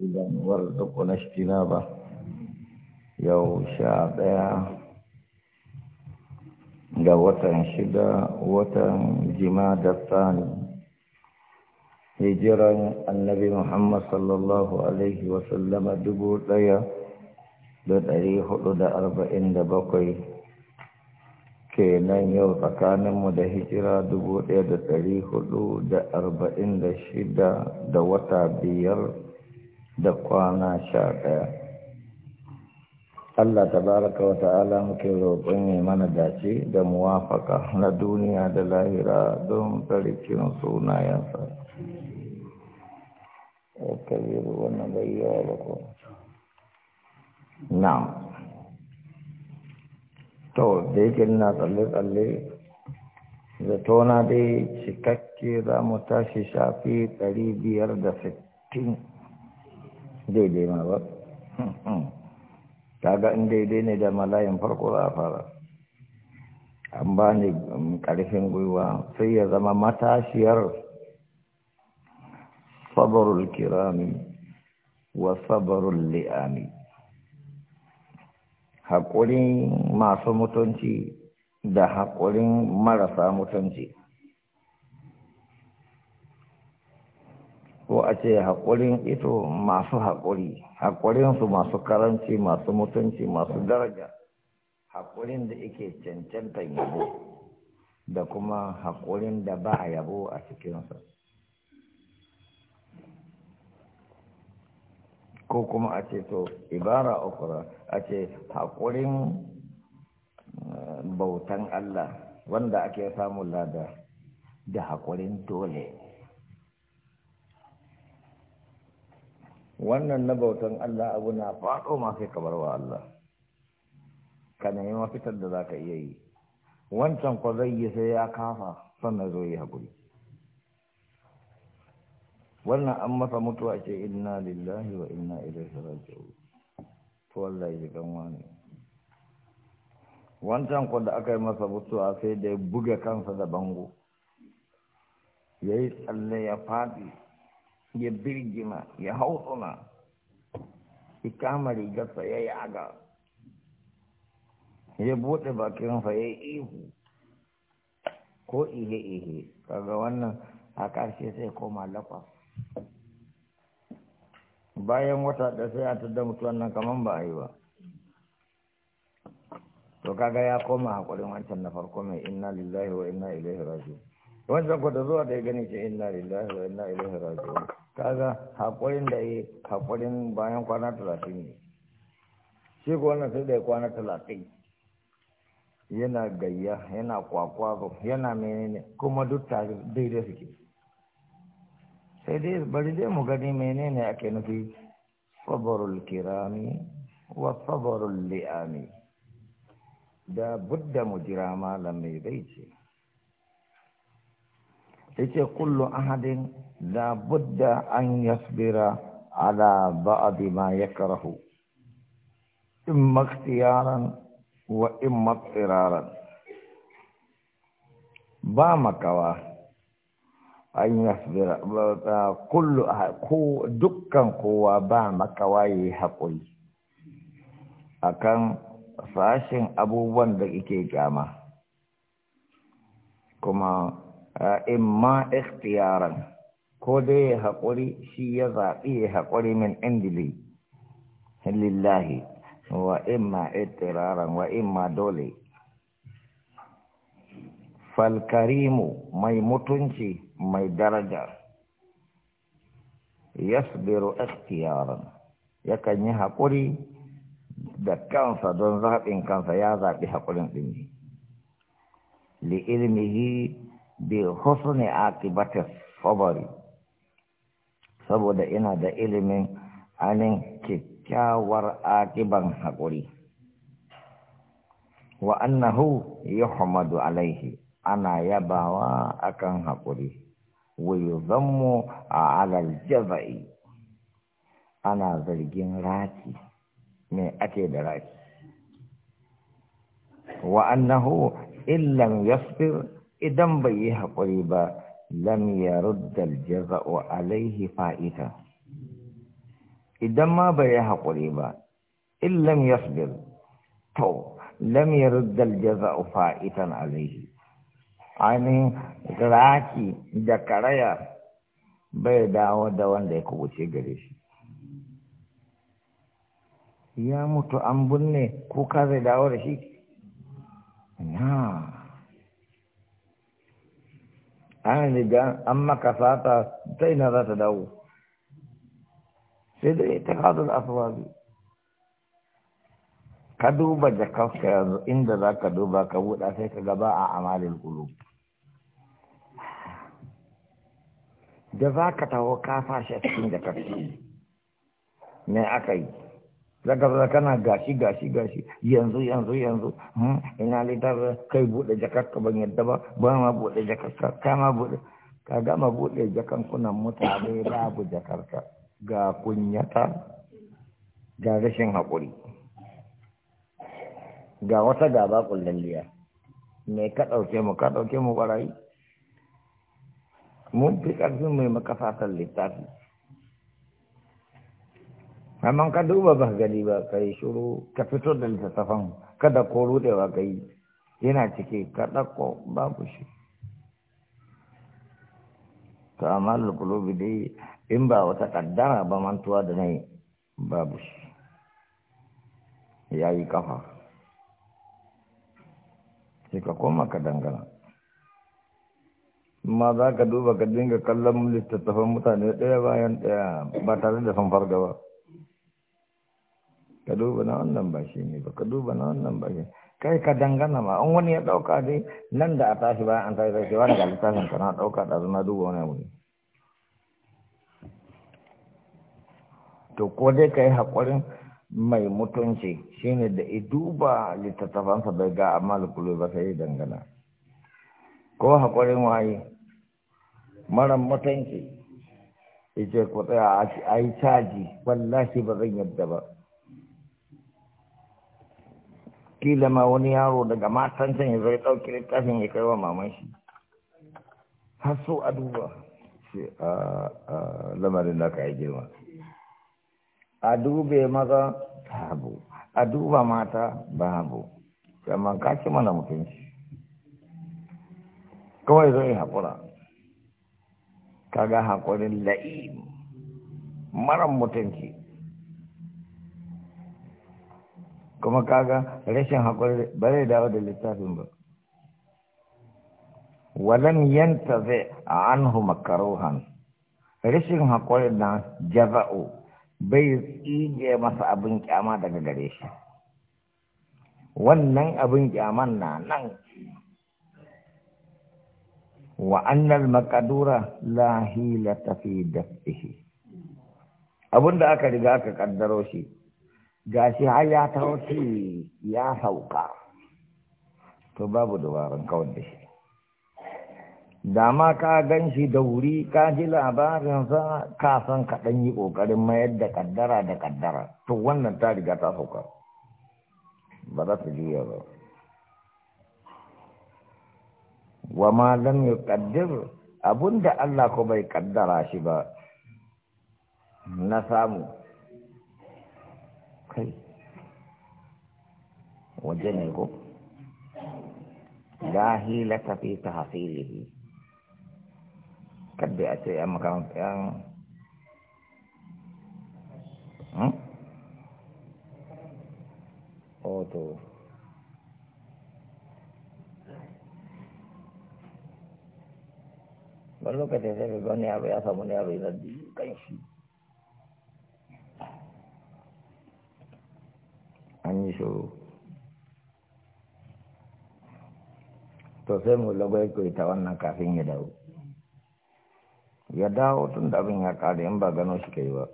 warzuqna ba yau sha daya ga watan shida watan da tsani hijiran annabi Muhammad sallallahu alaihi wasallama dubu daya da dari hudu da arba'in da bakwai kenan yau tsakaninmu da hijira dubu daya da dari hudu da arba'in da shida da wata biyar da kwana sha ɗaya Allah Ta tabaraka wa ta'ala muke roƙon ya mana dace da muwafaka na duniya da lahira don tsarkin sunayensa kabiru wannan to da yake na tsalle-tsalle zato na dai cikakke za mu tashi shafi ɗari biyar da sittin. daidai ma ba hmm. kaga in daidai ne da malayin farko za a fara an ba ni um, ƙarfin gwiwa sai ya zama matashiyar sabarul kirami wa sabarul li'ami haƙurin masu mutunci da haƙurin marasa mutunci ko a ce haƙurin ito masu haƙuri haƙurinsu masu karanci masu mutunci masu daraja haƙurin da yake cancanta yabo da kuma haƙurin da ba yabo a cikinsa ko kuma a ce to ibara okura a ce haƙurin eh, bautan Allah wanda ake samun lada da haƙurin dole wannan na bautan Allah abu na faɗo ma sai ka Allah ka nemi mafitar da za ka iya yi wancan kwa zai yi sai ya kafa sannan zo yi haƙuri wannan an masa mutuwa ce inna lillahi wa inna to wallahi ya kan wani wancan kwa da aka yi masa mutuwa sai da ya buga kansa da bango Ya yi tsalle ya faɗi ya birgima ya hautsuna ya kama rigarsa ya yaga ya buɗe bakinsa ya ihu ko ihe-ihe kaga wannan a ƙarshe sai koma lafa bayan wata da sai a tada mutu nan kamar ba a yi ba to kaga ya koma haƙurin wancan na farko mai inna lillahi wa inna ilaihi raji wancan ku da zuwa da ya gani ce inna lillahi wa inna ilaihi raji'un kaga hakurin da ya hakurin bayan kwana talatin ne shi ko wannan sai da ya kwana talatin yana gayya yana kwakwazo yana menene kuma duk tare daidai suke sai dai bari dai mu gani menene ake nufi sabarul kirami wa sabarul li'ami da budda mu jira malam mai bai ce yace kullu ahadin la budda an yasbira ala ba'di ma yakrahu imma ikhtiyaran wa imma tsiraran ba makawa an yasbira kullu ko dukkan kowa ba makawa yi hakuri akan sashin abubuwan da yake kyama kuma imma ikhtiyaran ko dai ya haƙuri shi ya zaɓi ya haƙuri min indili lillahi wa imma ikhtiyaran wa imma dole falkarimu mai mutunci mai daraja yasbiru ikhtiyaran yakan yi haƙuri da kansa don zaɓin kansa ya zaɓi haƙurin ɗin li ilmihi bi husni akibati sabari saboda ina da ilimin anin kyakkyawar akiban haƙuri wa annahu yuhmadu alaihi ana yabawa akan haƙuri wa yuzammu ala aljaza'i ana zargin raki me ake da raki wa annahu illam yasbir idan bai yi haƙuri ba lam ruddal jaza'u alaihi fa'ita idan ma bai yi haƙuri ba in lam yasbir to lam ruddal jaza'u fa'itan alaihi ani raki da karaya bai dawo da wanda ya kubuce gare shi ya mutu an binne ko ka zai dawo da shi na an riga an maka sata ta ina za ta dawo sai dai ta da aswabi ka duba jakarka yanzu inda za ka duba ka buɗa sai ka gaba a amalin kulu da za ka taho kafa ka a cikin jakarki ne aka yi zaka zaka kana gashi gashi gashi yanzu yanzu yanzu hmm? ina litar kai bude jakarka ban yadda ba ba ma bude jakarka ka ma bude ka gama bude jakankunan mutane babu jakarka ga kunyata ga rashin haƙuri ga wata gaba liya me ka ɗauke mu ka ɗauke mu barayi mun fi ƙarfin mai makafatan littafi amma ka duba ba gani ba ka yi shuru ka fito da littattafan kada ko rudewa ka yi yana cike ka ɗakko babu shi ta amma lukulubi dai in ba wata ƙaddara ba mantuwa da nai babu shi ya yi kafa sai ka koma ka dangana ma za ka duba ka dinga kallon littattafan mutane ɗaya bayan ɗaya ba tare da san farga ba ka duba na wannan ba shi ne ba ka duba na wannan ba shi kai ka dangana ma an wani ya dauka dai nan da a tashi bayan an tashi tashi wani ga littafin ka na dauka da zama duba wani abu ne to ko dai ka yi haƙurin mai mutunci shine da i duba littattafansa bai ga amma kulu ba sai dangana ko haƙurin waye mara mutunci ita ce ku tsaya a yi caji wallahi ba zan yadda ba kila ma wani yaro daga matan can ya zai ɗauki littafin ya kai wa maman shi har so a duba shi a lamarin da ka yi girma a dube maza babu a duba mata babu amma ka mana mutunci kawai zai haƙura kaga haƙurin la'im maran mutunci kuma kaga rashin haƙuri ba zai dawo da littafin ba walam a anhu makarohan rashin haƙuri na jaza'u bai tsige masa abin kyama daga gare shi wannan abin kyaman na nan wa annal makadura la tafi da Abin da aka riga aka kaddaro shi gashi har ya taho ya sauka to babu dabarun kawai da shi da ka gan shi da wuri ka ji labarinsa ka san ka yi ƙoƙarin mayar da ƙaddara da ƙaddara to wannan ta riga ta sauka ba za su juya ba wa ma lam yuqaddir abunda Allah ko bai kaddara shi ba na samu kai waje ne ko la hilata fi tahsilihi kadda a ce yan makaranta yan oto hmm? wani lokacin sai ga wani abu ya samu ne abu yana kan shi an yi shuru to mu lagwai ta wannan kafin ya dawo ya dawo tun da abin ya ƙare in ba gano shi kai ba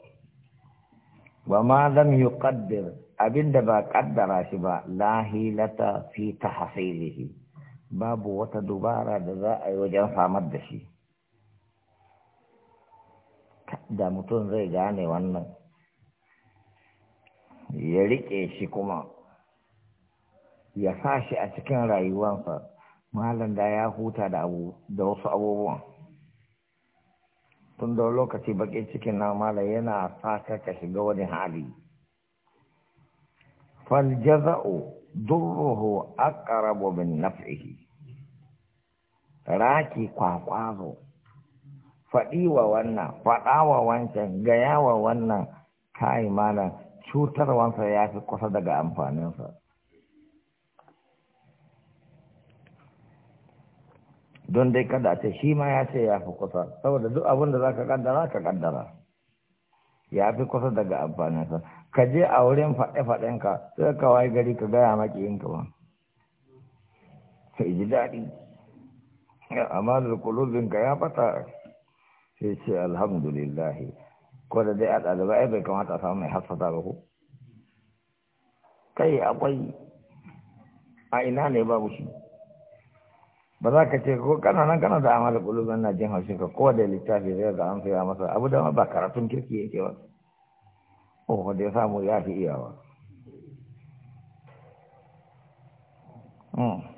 wa ma lam yuqaddir abinda ba kaddara shi ba la hilata fi tahsilihi babu wata dubara da za a yi wajen samar da shi da mutum zai gane wannan ya riƙe shi kuma ya sa shi a cikin rayuwansa malam da ya huta da abu da wasu abubuwan tun da lokaci baƙin cikin na mala yana sa ka shiga wani hali faljaza'u durruhu aqrabu min naf'ihi raki kwakwazo faɗi wa wannan faɗa wancan gaya wa wannan kai malam cutarwansa ya fi kusa daga amfaninsa don dai kada ta shi ma ya ce ya fi kusa saboda duk abin da za ka kaddara ka kaddara ya fi kusa daga amfaninsa ka je a wurin faɗe-faɗenka sai ka wayi gari ka gaya maki yin ka ba sai ji daɗi amma da kulubinka ya fata sai ce alhamdulillahi ko da dai a ɗalibai bai kamata a samu mai hasada ba ko kai akwai a ina ne babu shi ba za ka ce ko kana nan kana da amal kulubin na jin haushi ka ko da littafi zai ga an fiya masa abu da ba karatun kirki yake ba oh da ya samu ya fi iyawa hmm.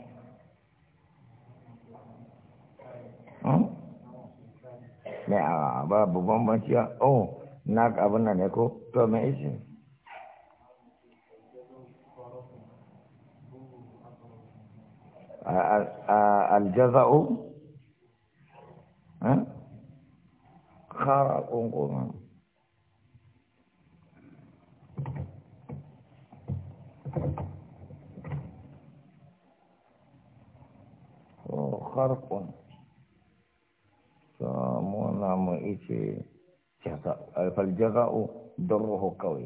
ne a babu bambanci a oh na abin nan ne ko to mai isi aljaza'u kara ƙunƙunan خرق samun ice faljaza'u don ruhu kawai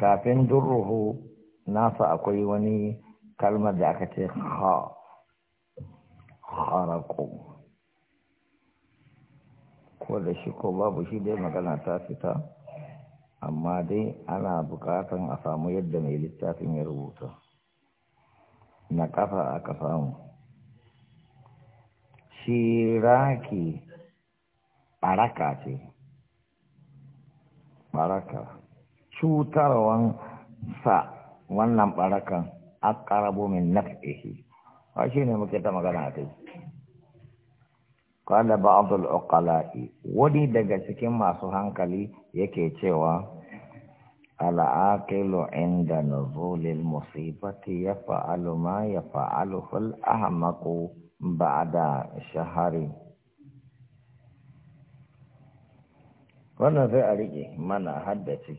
kafin durruhu nasa akwai wani kalmar da aka ce ha haraku ko da shi ko babu shi dai magana ta fita amma dai ana bukatan a samu yadda mai littafin ya rubuta na ƙafa aka samu shi raki ɓaraka ce baraka cutarwan sa wannan ɓarakan akarabu min naf'ihi wa shi ne muke ta magana a kai qala ba'd wani daga cikin masu hankali yake cewa العاقل ya نزول المصيبة يفعل fa'alu fil الأحمق ba'da shahari wannan zai a rike mana haddace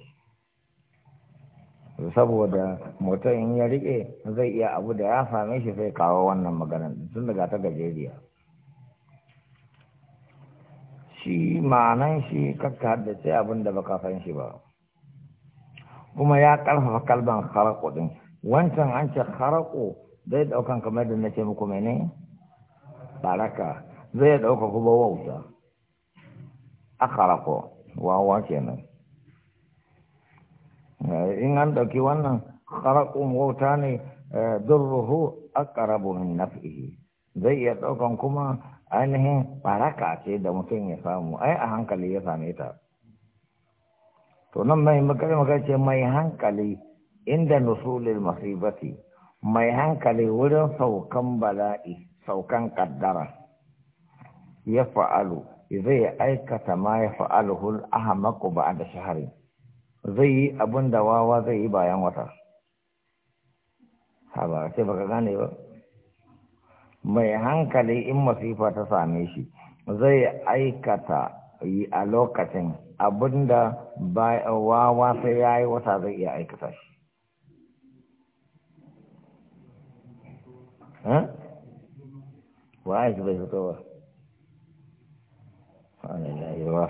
saboda mutum in ya rike zai iya abu da ya same shi sai kawo wannan maganan tun daga ta gajeriya shi ma'anan shi kakka haddace abinda da baka san shi ba kuma ya karfafa kalban kharaqu din wancan an ce kharaqu zai daukan kamar da nake muku mene baraka zai dauka kuma wauta a akharaqu wawa kenan eh, in an dauki wannan mu wauta ne eh, durruhu aqrabu min naf'ihi zai iya daukan kuma ainihin baraka ce da mutum ya samu ai a hankali ya same ta to nan mai magana ce mai hankali inda nusulil masibati mai hankali wurin saukan bala'i saukan kaddara ya fa'alu zai aikata ma ya hul ahamaku ba da shahari zai yi abin da wawa zai yi bayan wata ba sai baka gane ba mai hankali in masifa ta same shi zai aikata yi a lokacin abinda wawa sai ya yi wata zai iya aikata shi wa aiki bai fito ba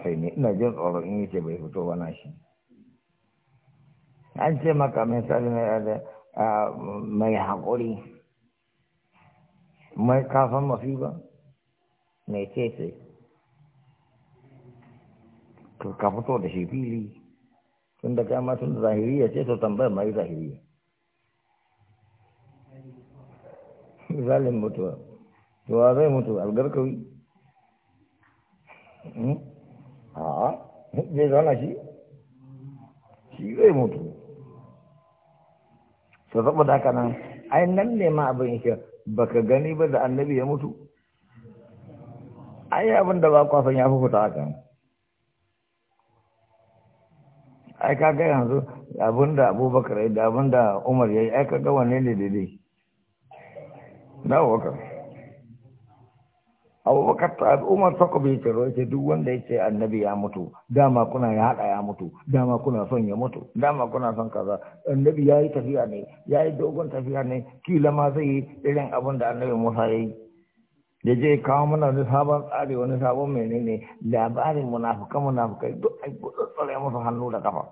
sai ne ina jin tsoron in yace bai fito ba na shi an ce maka misali eh, mai haƙuri mai kafin mafi ba mai ce ka fito da shi fili tun da kama tun da zahiriya ce to tambayar mai zahiriya zalim mutuwa to wa zai mutu algarkawi hmm? a'a zai zauna shi shi zai mutu so saboda haka nan ai nan ne ma abin yake baka gani ba da annabi ya mutu ai abin da ba kwasan ya fi fita haka ai ka ga yanzu abinda abubakar da abinda umar ya yi ai ga wane ne daidai na wakar abubakar ta umar sako bai ce roke duk wanda ya ce annabi ya mutu dama kuna ya haɗa ya mutu dama kuna son ya mutu dama kuna son kaza annabi ya yi tafiya ne ya yi dogon tafiya ne kila ma zai yi irin abin da annabi musa ya yi ya je kawo mana wani sabon tsari wani sabon menene labarin munafukan munafukai duk ai tsare musu hannu da kafa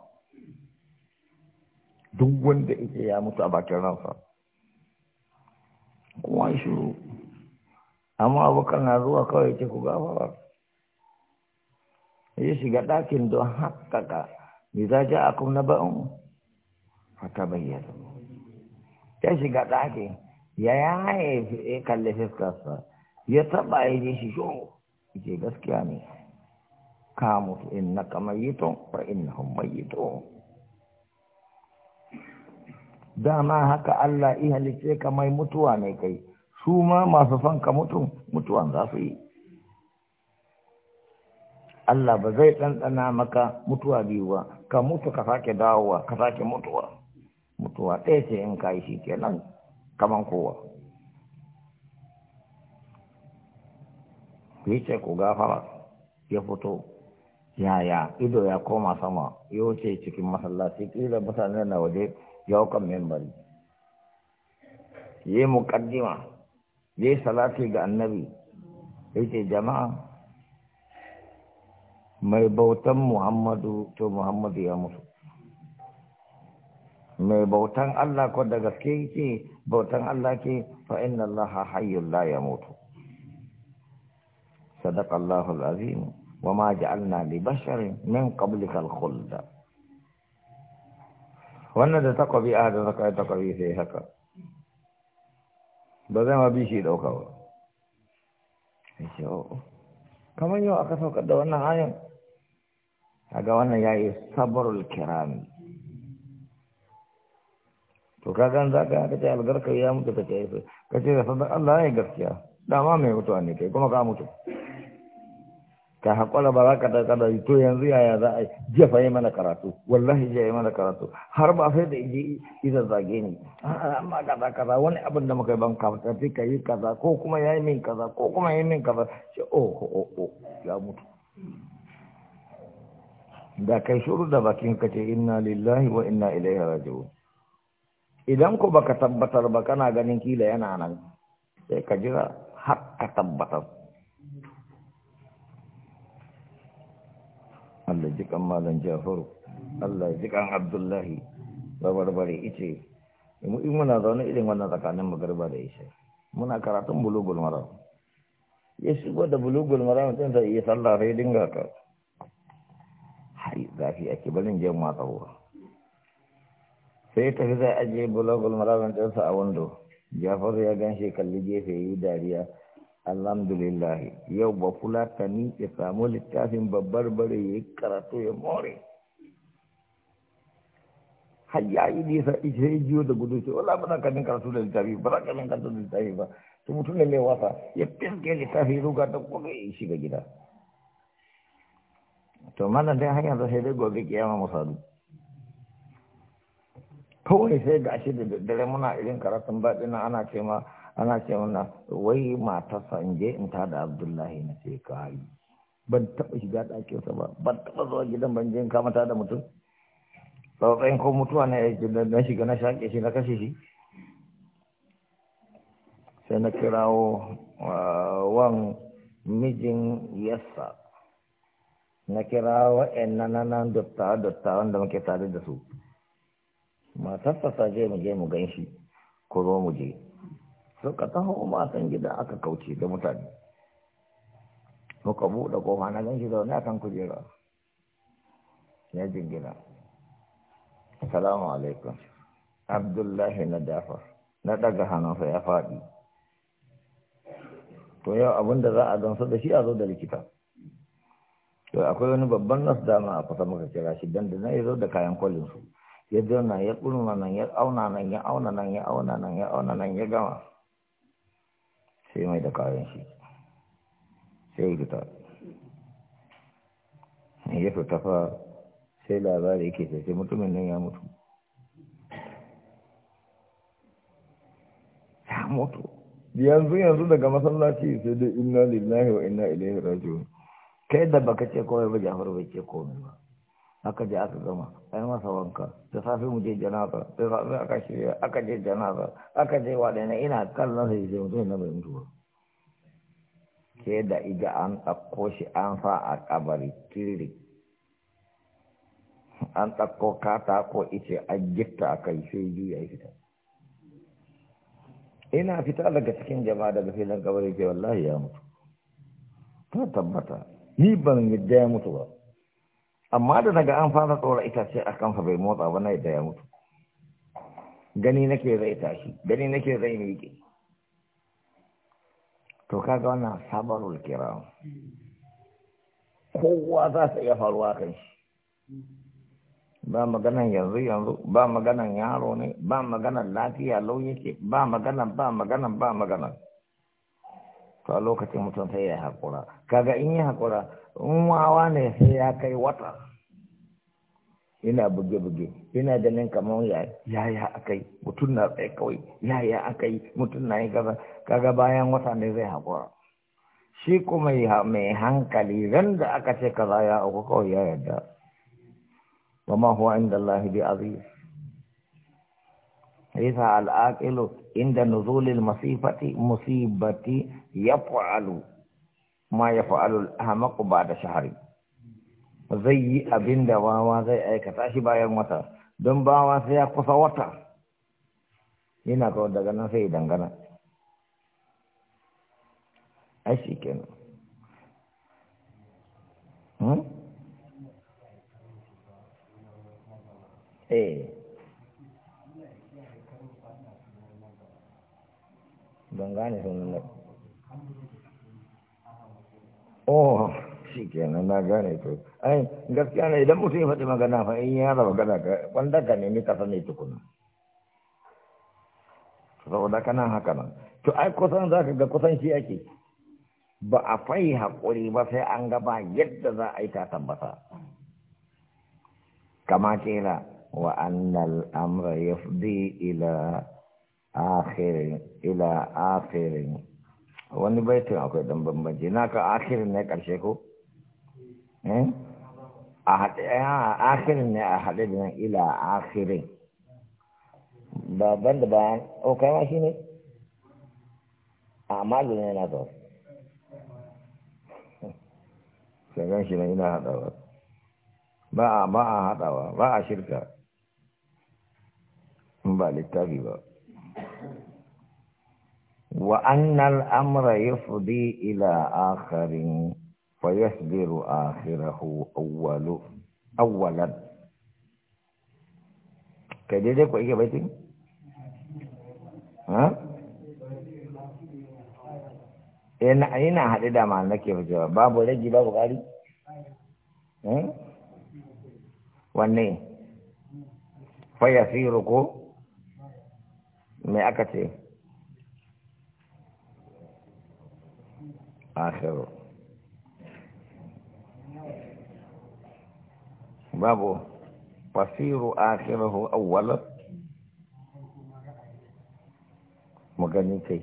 duk wanda yake ya mutu a bakin ransa kuma shiru amma abokan na zuwa kawai ce ku gafara ya shiga ɗakin don haƙaƙa mai za ja a kuma ba'in fata bayyana ya shiga ɗakin ya yaya ya kalli fiskarsa ya taba ya ji shi sho ce gaskiya ne ka mutu in na kamar yi to ba in na hun yi to dama haka Allah iya ka mai mutuwa ne kai su ma masu fanka mutum mutuwan za su yi Allah ba zai ɗanɗana maka mutuwa biyu ba ka mutu ka sake dawowa ka sake mutuwa mutuwa ɗaya ce in ka yi shi kenan kaman kowa yace ku gafara ya fito yaya ido ya koma sama ya wuce cikin masallaci kila mutane na waje ya kan membari ya yi muƙaddima ya yi salati ga annabi ya ce jama'a mai bautan muhammadu to muhammadu ya mutu mai bautan allah ko da gaske ke bautan allah ke fa'in inna allah hayyun la ya mutu صدق الله العظيم وما جعلنا لبشر من قبلك الخلد وانا تتقى بي اهد ذكا يتقى بي سيهكا بذي ما بيشي دوكا ايشو كما يو اكثو قد وانا آيا اگا وانا ياي صبر الكرام تو كا كان ذاكا كتا يالغر كيامو كتا كيف كتا يصدق الله يغر كيا داما ميوتواني كي كما كامو تو ka haƙura ba za ka da kada to yanzu yaya za a yi jiya fa yi mana karatu wallahi jiya yi mana karatu har ba sai da iji idan zage ni amma kaza kaza wani abin da muka yi ban kafa, sai ka yi kaza ko kuma ya yi min kaza ko kuma ya yi min kaza shi oh oh oh, oh ya mutu da kai shuru da bakin ka ce inna lillahi wa inna ilaihi raji'un idan ko baka tabbatar ba kana ganin kila yana nan sai ka jira har ka tabbatar jikan malam jafaru Allah jikan abdullahi babarbare ice in muna zaune irin wannan tsakanin magarba da isha muna karatun bulugul maram ya shigo da bulugul maram din da iya sallah rai dinga ka hai zafi ake barin jan tsawo sai tafi zai ajiye bulugul maram din sa a wando jafaru ya gan shi kalli gefe yi dariya alhamdulillah yau ba fulatani ya samu littafin babbar bare ya yi karatu ya more har ya yi nisa ishe ya jiyo da gudu ce wala ba kanin karatu da littafi ba za ka min karatu da littafi ba to mutum ne mai wasa ya fiske littafi ruga da kuma ya shiga gida to mana dai hanyar da sai dai gobe kiyama musadu kawai sai ga shi da dare muna irin karatun baɗi na ana ce ma ana ce wannan wai matarsa in je in ta da abdullahi na ce ka yi ban taɓa shiga ɗakinsa ba ban taɓa zuwa gidan ban je in kama ta da mutum tsautsayin ko mutuwa na ya ji na shiga na shaƙe shi na kashe shi sai na kirawo ah, wan mijin yassa na kira wa'yan nananan dattawan da muke tare da su matarsa ta je mu je mu gan shi ko zo mu je ka taho matan gida aka kauce da mutane muka buɗe ƙofa na gan shi zaune akan kujera ya jingina assalamu alaikum abdullahi na dafa na ɗaga hannunsa ya faɗi to yau abinda za a gamsu da shi a zo da likita to akwai wani babban nas dama a kusa muka kira shi dan da na zo da kayan kwalin su ya zauna ya ƙulma nan ya auna nan ya auna nan ya auna nan ya auna nan ya gama sai mai da kayan shi sai fita ya fita fa sai labari yake sai mutumin nan ya mutu ya mutu yanzu yanzu daga masallaci sai dai inna lillahi wa inna ilaihi raji'un kai da baka ce kawai ba jafar bai ce komai ba aka je aka gama ai masa wanka da safe mu je janaza da safe aka shirya aka je janaza aka je wa dana ina kallon sai sai mutum na bai mutu ba da iga an tsakko shi an fa a kabari kiri an kata katako ice an gifta a kai sai juya ya fita ina fita daga cikin jama'a daga filin kabari ke wallahi ya mutu ta tabbata ni ban yadda ya mutu ba amma da daga an fara tsora itace a kansa bai motsa ba na yadda ya mutu gani nake zai tashi gani nake zai miƙe to kaga wannan sabarul kiram kowa za su iya faruwa kan shi ba maganan yanzu yanzu ba maganan yaro ne ba maganan lafiya lau yake ba maganan ba maganan ba maganan to a lokacin mutum sai ya haƙura kaga in yi haƙura in wawa ne sai ya kai wata yana buge-buge yana ganin kamar yaya aka yi mutum na tsaye kawai yaya aka yi mutum na yi kaza kaga bayan wata ne zai haƙura shi kuma mai hankali ran da aka ce kaza ya uku kawai ya yarda wa ma huwa inda Allah bi aziz yasa al'aqilu inda nuzulil masifati musibati yaf'alu ma ya fa'alul ahmaqu ba da shahari zai yi abin da wawa zai aikata shi bayan wata don bawa sai ya kusa wata yana kawai daga nan sai dangana a shi kenan hmm? eh don gane sunan oh shi kenan na gane to ai gaskiya ne idan mutum ya faɗi magana fa in ya raba gada ka wanda ka nemi ka sani tukuna saboda kana haka nan to ai kusan za ka ga kusan shi ake ba a fai haƙuri ba sai an gaba yadda za a yi ta tabbata kama kera wa annal amra yafdi ila akhirin ila akhirin wani baitin akwai dan bambanci na ka akirin ne karshe ko eh? a haɗe akirin ne a haɗe da ila akirin babban da bayan o oh, kai ma shi ne a malu ne na zo shagan shi ne ina haɗawa ba a haɗawa ba a shirka ba littafi ba وأن الأمر يفضي إلى آخر فيصبر آخره أول أولا كده كويس يا بيتي ها ina ina haɗe da ma nake ficewa babu rage babu ƙari wanne fayasiru ko mai aka ce آخر باب فصير آخره أولا مغني كي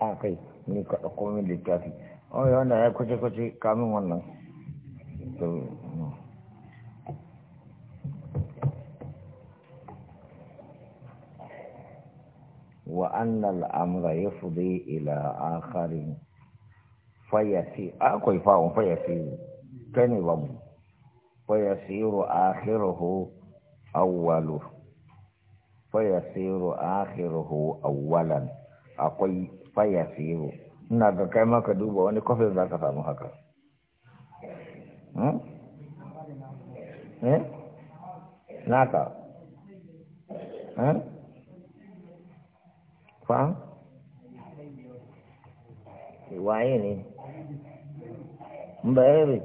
آخي ni ka ɗauko min littafi oh yana ya kuce-kuce kamin wannan وأن الأمر يفضي إلى آخر فيسير أكوي فاهم فيسير كان يضم فيسير آخره أوله فيسير آخره أولا أقوي فيسير ina ga kai maka duba wani kofin za ka samu haka naka fa iwaye hmm? ne mbere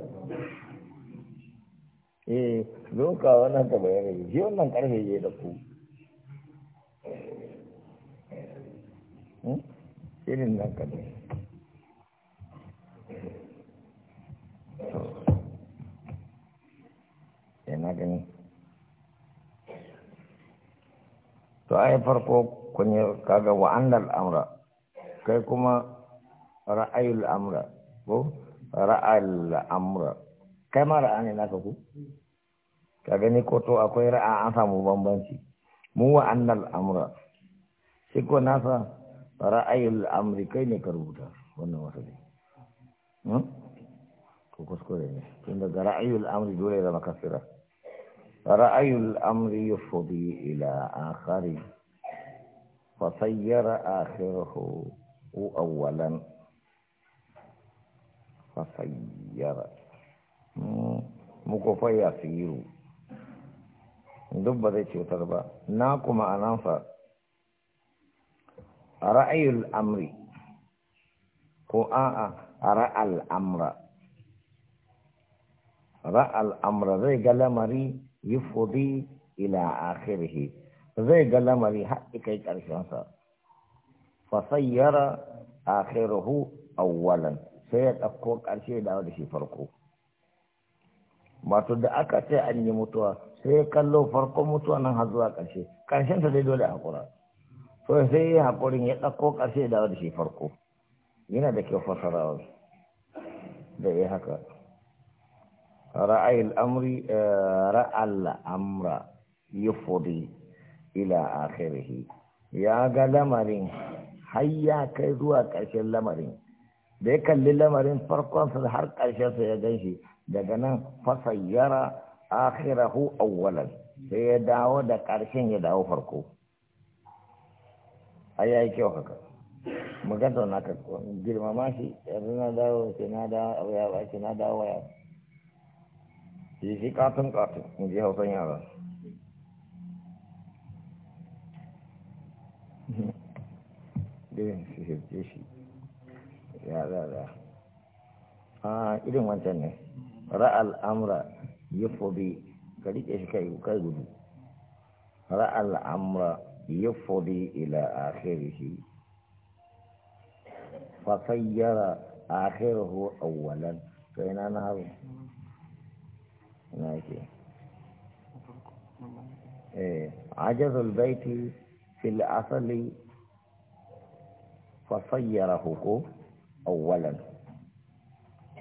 eh doka wannan ta bayani shi wannan karfe je da ku irin nan kadai yana gani to ai farko kun yi kaga wa'annan amra kai kuma ra'ayul amra ko ra'al amra kai mara ra'a naka ku ka ko to akwai ra'a an samu bambanci mu wa'annan amra shi ko nasa ra'ayul amri kai ne ka rubuta wannan ne hmm? ko kuskure ne tun daga ra'ayul amri dole ya zama kafira ra'ayul amri ila akhari فطير آخره أولا فطير مكفى يصير duk ba zai cutar ba na kuma a ra'ayul amri ko a'a ra'al amra ra'al amra zai ga lamari yufudi ila akhirih zai ga lamari haɗi kai ƙarshensa fasayyara akhiruhu awwalan sai ya ɗauko ƙarshe da da shi farko wato da aka ce an yi mutuwa sai ya kallo farkon mutuwa nan har zuwa ƙarshe ƙarshen ta dai dole haƙura so sai ya haƙurin ya ɗauko ƙarshe da da shi farko yana da kyau fasarawa da ya haka ra'ayil amri eh, ra'al amra yufudi ila akhirih ya ga lamarin har ya kai zuwa ƙarshen lamarin da ya kalli lamarin farkon farkonsa har ƙarshen ƙarshensa ya gan shi daga nan fasayyara akhirahu awwalan sai ya dawo da ƙarshen ya dawo farko ai yayi kyau haka magana na ka girmama shi yanzu na dawo sai na dawo ya ba na dawo ya shi shi katon katon in ji hausan yara irin su hirje shi ya zara a irin wancan ne ra'al amra ya fobi ka riƙe shi kai kai gudu ra'al amra ya fobi ila akhirihi fa sayyara akhirahu awwalan to ina na haru ina yake eh ajazul baiti fil asali فصيره هو اولا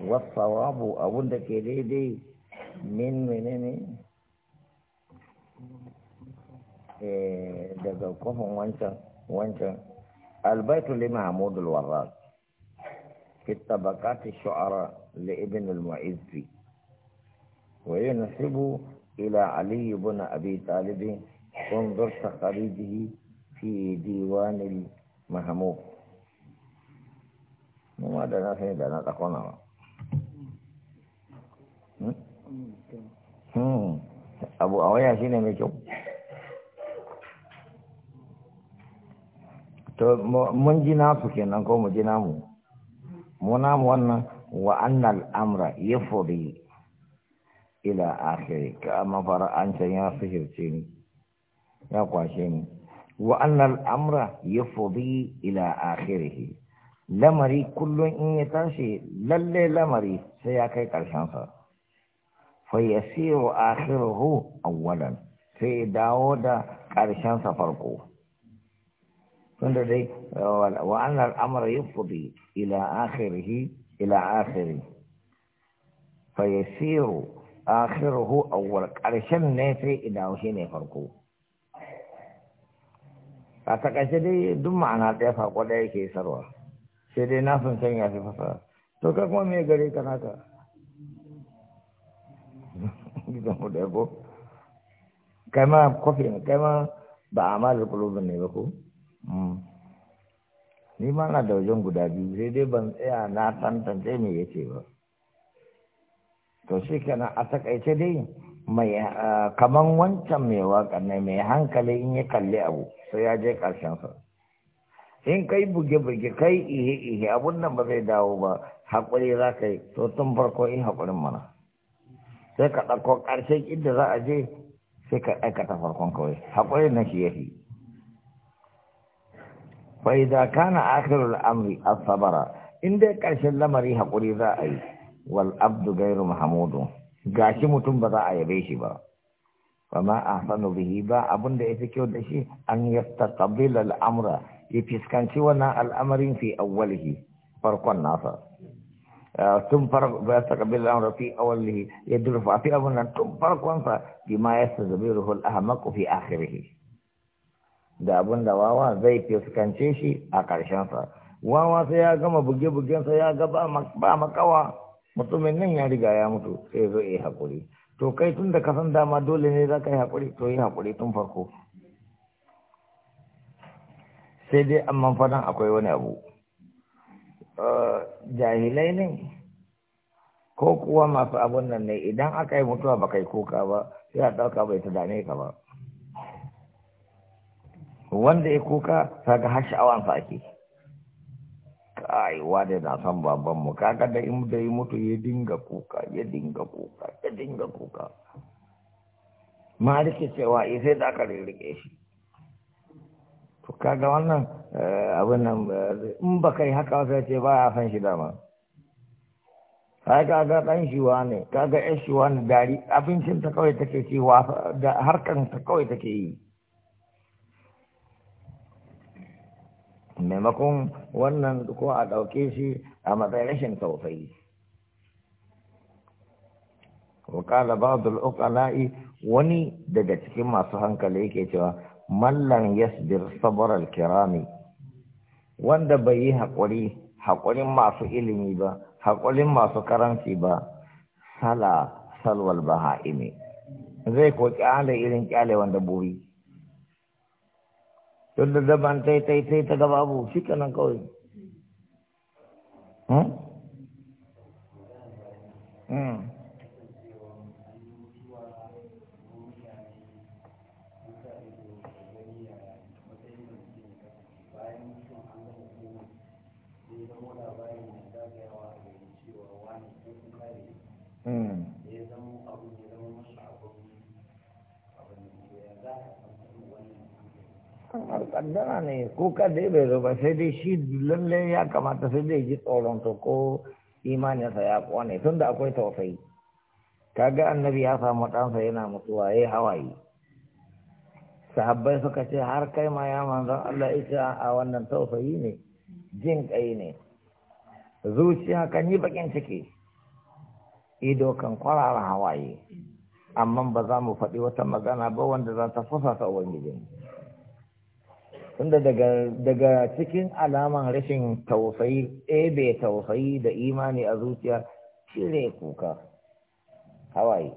والصواب اقول لك من منين ايه ده كوفه وانت وانت البيت لمحمود الوراق في طبقات الشعراء لابن المعز وينسب الى علي بن ابي طالب انظر تقاليده في ديوان المحمود noma da na sai da na tsakona ba hmm? Hmm. abu a waya shine mai kyau to mun ji nasu kenan ko mu ji namu mu namu wannan wa annal amra yafuri ila akhiri ka mafara an can ya sihirce ni ya kwashe ni wa annal amra yafuri ila akhirihi lamari kullum in ya tashi lalle lamari sai ya kai ƙarshensa fayyasiru akhiruhu awwalan sai dawo da ƙarshensa farko tunda dai wa annal amra yufdi ila akhirihi ila akhiri fayyasiru akhiruhu awwal ƙarshen ne sai idawo shi ne farko a takashe dai duk ma'ana ɗaya faƙo ɗaya ke sarwa sai dai na sun sanya shi fasa to ka kuma me gare ka naka gidan mu da kai ma kofi ne kai ma ba malar kulubin ne ba ko hmm. ni ma na da wajen guda biyu sai dai ban tsaya na tantance me yace ba to shi kenan a takaice dai mai kaman wancan mai waƙa ne mai hankali in ya kalli abu sai ya je ƙarshen sa in kai buge-buge kai ihe-ihe abun nan ba zai dawo ba haƙuri za ka yi to tun farko in haƙurin mana sai ka ɗauko ƙarshen inda za a je sai ka aikata farkon kawai haƙuri na shi ya fi bai za ka na amri a sabara in dai ƙarshen lamari haƙuri za a yi wal abdu gairu mahamudu gashi mutum ba za a yabe shi ba ba ma sanu bihi ba abun da ya fi kyau da shi an yasta al-amra ya fiskanci wannan al'amarin fi awwalihi farkon nasa tun farko ya saka kabil amr fi awwalihi ya durfa fi abun nan tun farkon sa bima yastazabiruhu al-ahmaq fi akhirih da abun da wawa zai fiskance shi a karshen sa wawa sai ya gama buge-bugen sa ya ga ba makawa mutumin nan ya riga ya mutu sai zo yi hakuri to kai tun da ka san dama dole ne za ka yi hakuri to yi hakuri tun farko sai dai amma fadan akwai wani abu eh, jahilai ne ko kuwa masu abun nan ne idan aka yi mutuwa ba kai kuka ba sai a ɗauka bai ta dame ka ba wanda ya kuka kaga har sha'awansa ake kai da na san babanmu kaga da in da yi mutu ya dinga kuka ya dinga kuka ya dinga kuka ma rike cewa eh, sai da aka rike shi to kaga wannan eh, abin nan eh, in ba kai haka sai ce ba ya san shi dama sai kaga dan shiwa ne kaga yan shiwa ne dari abincin ta kawai take ci da harkan ta kawai take yi maimakon wannan ko a ɗauke shi a matsayin rashin tausayi wakala ba da wani daga cikin masu hankali yake cewa mallan yasbir sabar al-kirami wanda bai yi haƙuri haƙurin masu ilimi ba haƙurin masu karanci ba sala salwal baha'imi zai ko kyale irin kyale wanda buri tun da daban tai tai tai ta gaba abu shi kanan kawai Hmm. hmm. kaddara ne ko ka dai bai zo ba sai dai shi lalle ya kamata sai dai ji tsoron to ko imaninsa ya kone tun da akwai tausayi Ka ga annabi ya samu ɗansa yana mutuwa ya hawaye sahabbai suka ce har kai ma ya manzon Allah ita a wannan tausayi ne jin ƙai ne zuciya kan yi bakin ciki ido kan kwarara hawaye amma ba za mu faɗi wata magana ba wanda za ta fusata ubangijin tunda daga cikin alaman rashin tausayi ɗebe tausayi da imani a zuciya shine kuka hawaye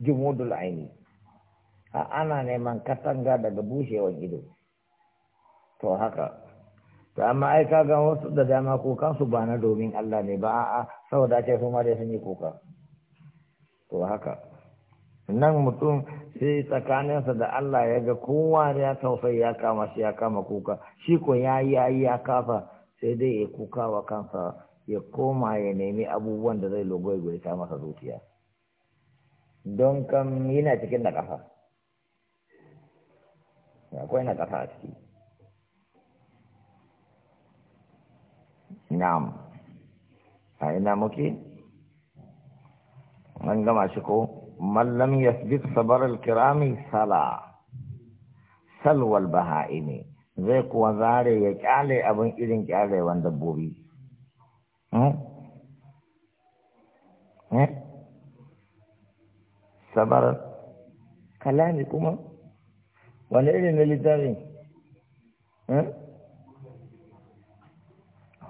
jumudul aini a ana neman katanga daga bushewar ido to haka to amma ai ka ga wasu da dama kukan su ba na domin Allah ne ba a'a saboda ake so ma da sun yi kuka to haka nan mutum sai tsakaninsa da Allah ya ga kowa ya tausayi ya kama shi ya kama kuka shi ko ya yi ya ya kafa sai dai ya kuka wa kansa ya koma ya nemi abubuwan da zai logoyi ta masa zuciya don kam yana cikin da kafa akwai na kafa a ciki na'am a ina muke an gama shi ko mallam yasbit sabar al-kirami sala salwal baha'i ne, zai kuwa zare ya kyale abin irin kyalewan dabbobi hmm? hmm? sabar kalami kuma wani irin na littafin hmm?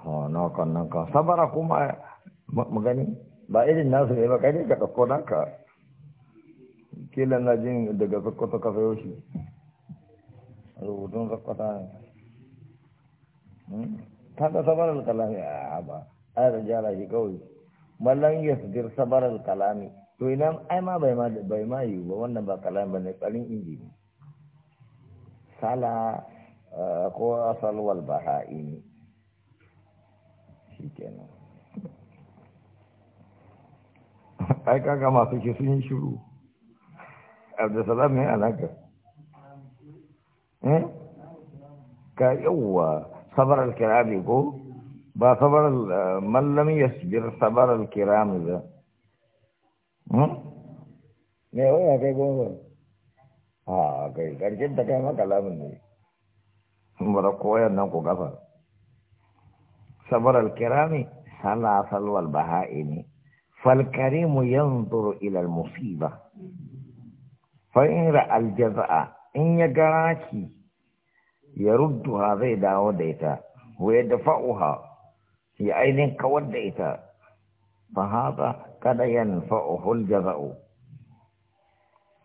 Oh, nakan nan ka sabara kuma magani ba irin nasu ne ba kai ne ka ɗauko naka kila na jin daga sokoto ka sayo shi rubutun sokoto ne hmm? ta ga sabarar kalami a ba a da jara shi kawai mallan ya sujir sabarar kalami to ina ai ma bai ma bai ma yi ba wannan ba kalami bane ne tsarin inji sala eh, ko asal wal baha'ini shi kenan ai kaga masu ke sun yi shiru abdulsalam ne alaka eh ka yawwa sabar al-kirami ko ba sabar eh, mallam yasbir sabar al-kirami ba hmm? me waya kai gongo a ah, kai karshen ta kai makalamin ne bara koyan nan ku gafa صبر الكرام على سلوى البهائم فالكريم ينظر إلى المصيبة فإن رأى الجزاء إن يقراك يردها زي داو ديتا ويدفعها في عين كوديتا فهذا قد ينفعه الجزاء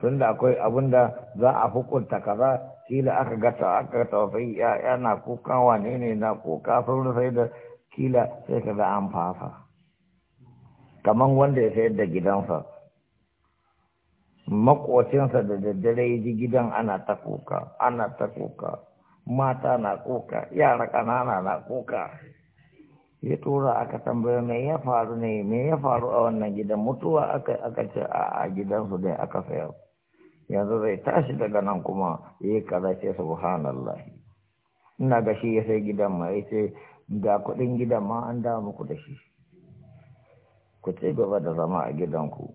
tunda akwai abin da za a hukunta kaza kila aka gata aka tausayi ya na kuka wane ne na kuka sun sai da kila sai ka ga an fasa kamar wanda ya sayar da gidansa makocinsa da daddare ya ji gidan ana ta kuka ana ta kuka mata na kuka yara ƙanana na kuka ya tura aka tambaya me ya faru ne me ya faru a wannan gidan mutuwa aka aka ce a gidansu ne aka sayar yanzu zai tashi daga nan kuma yi kaza ce subhanallah ina ga shi ya sai gidan ma ya ga kuɗin gidan ma an da muku da shi ku ce gaba da zama a gidanku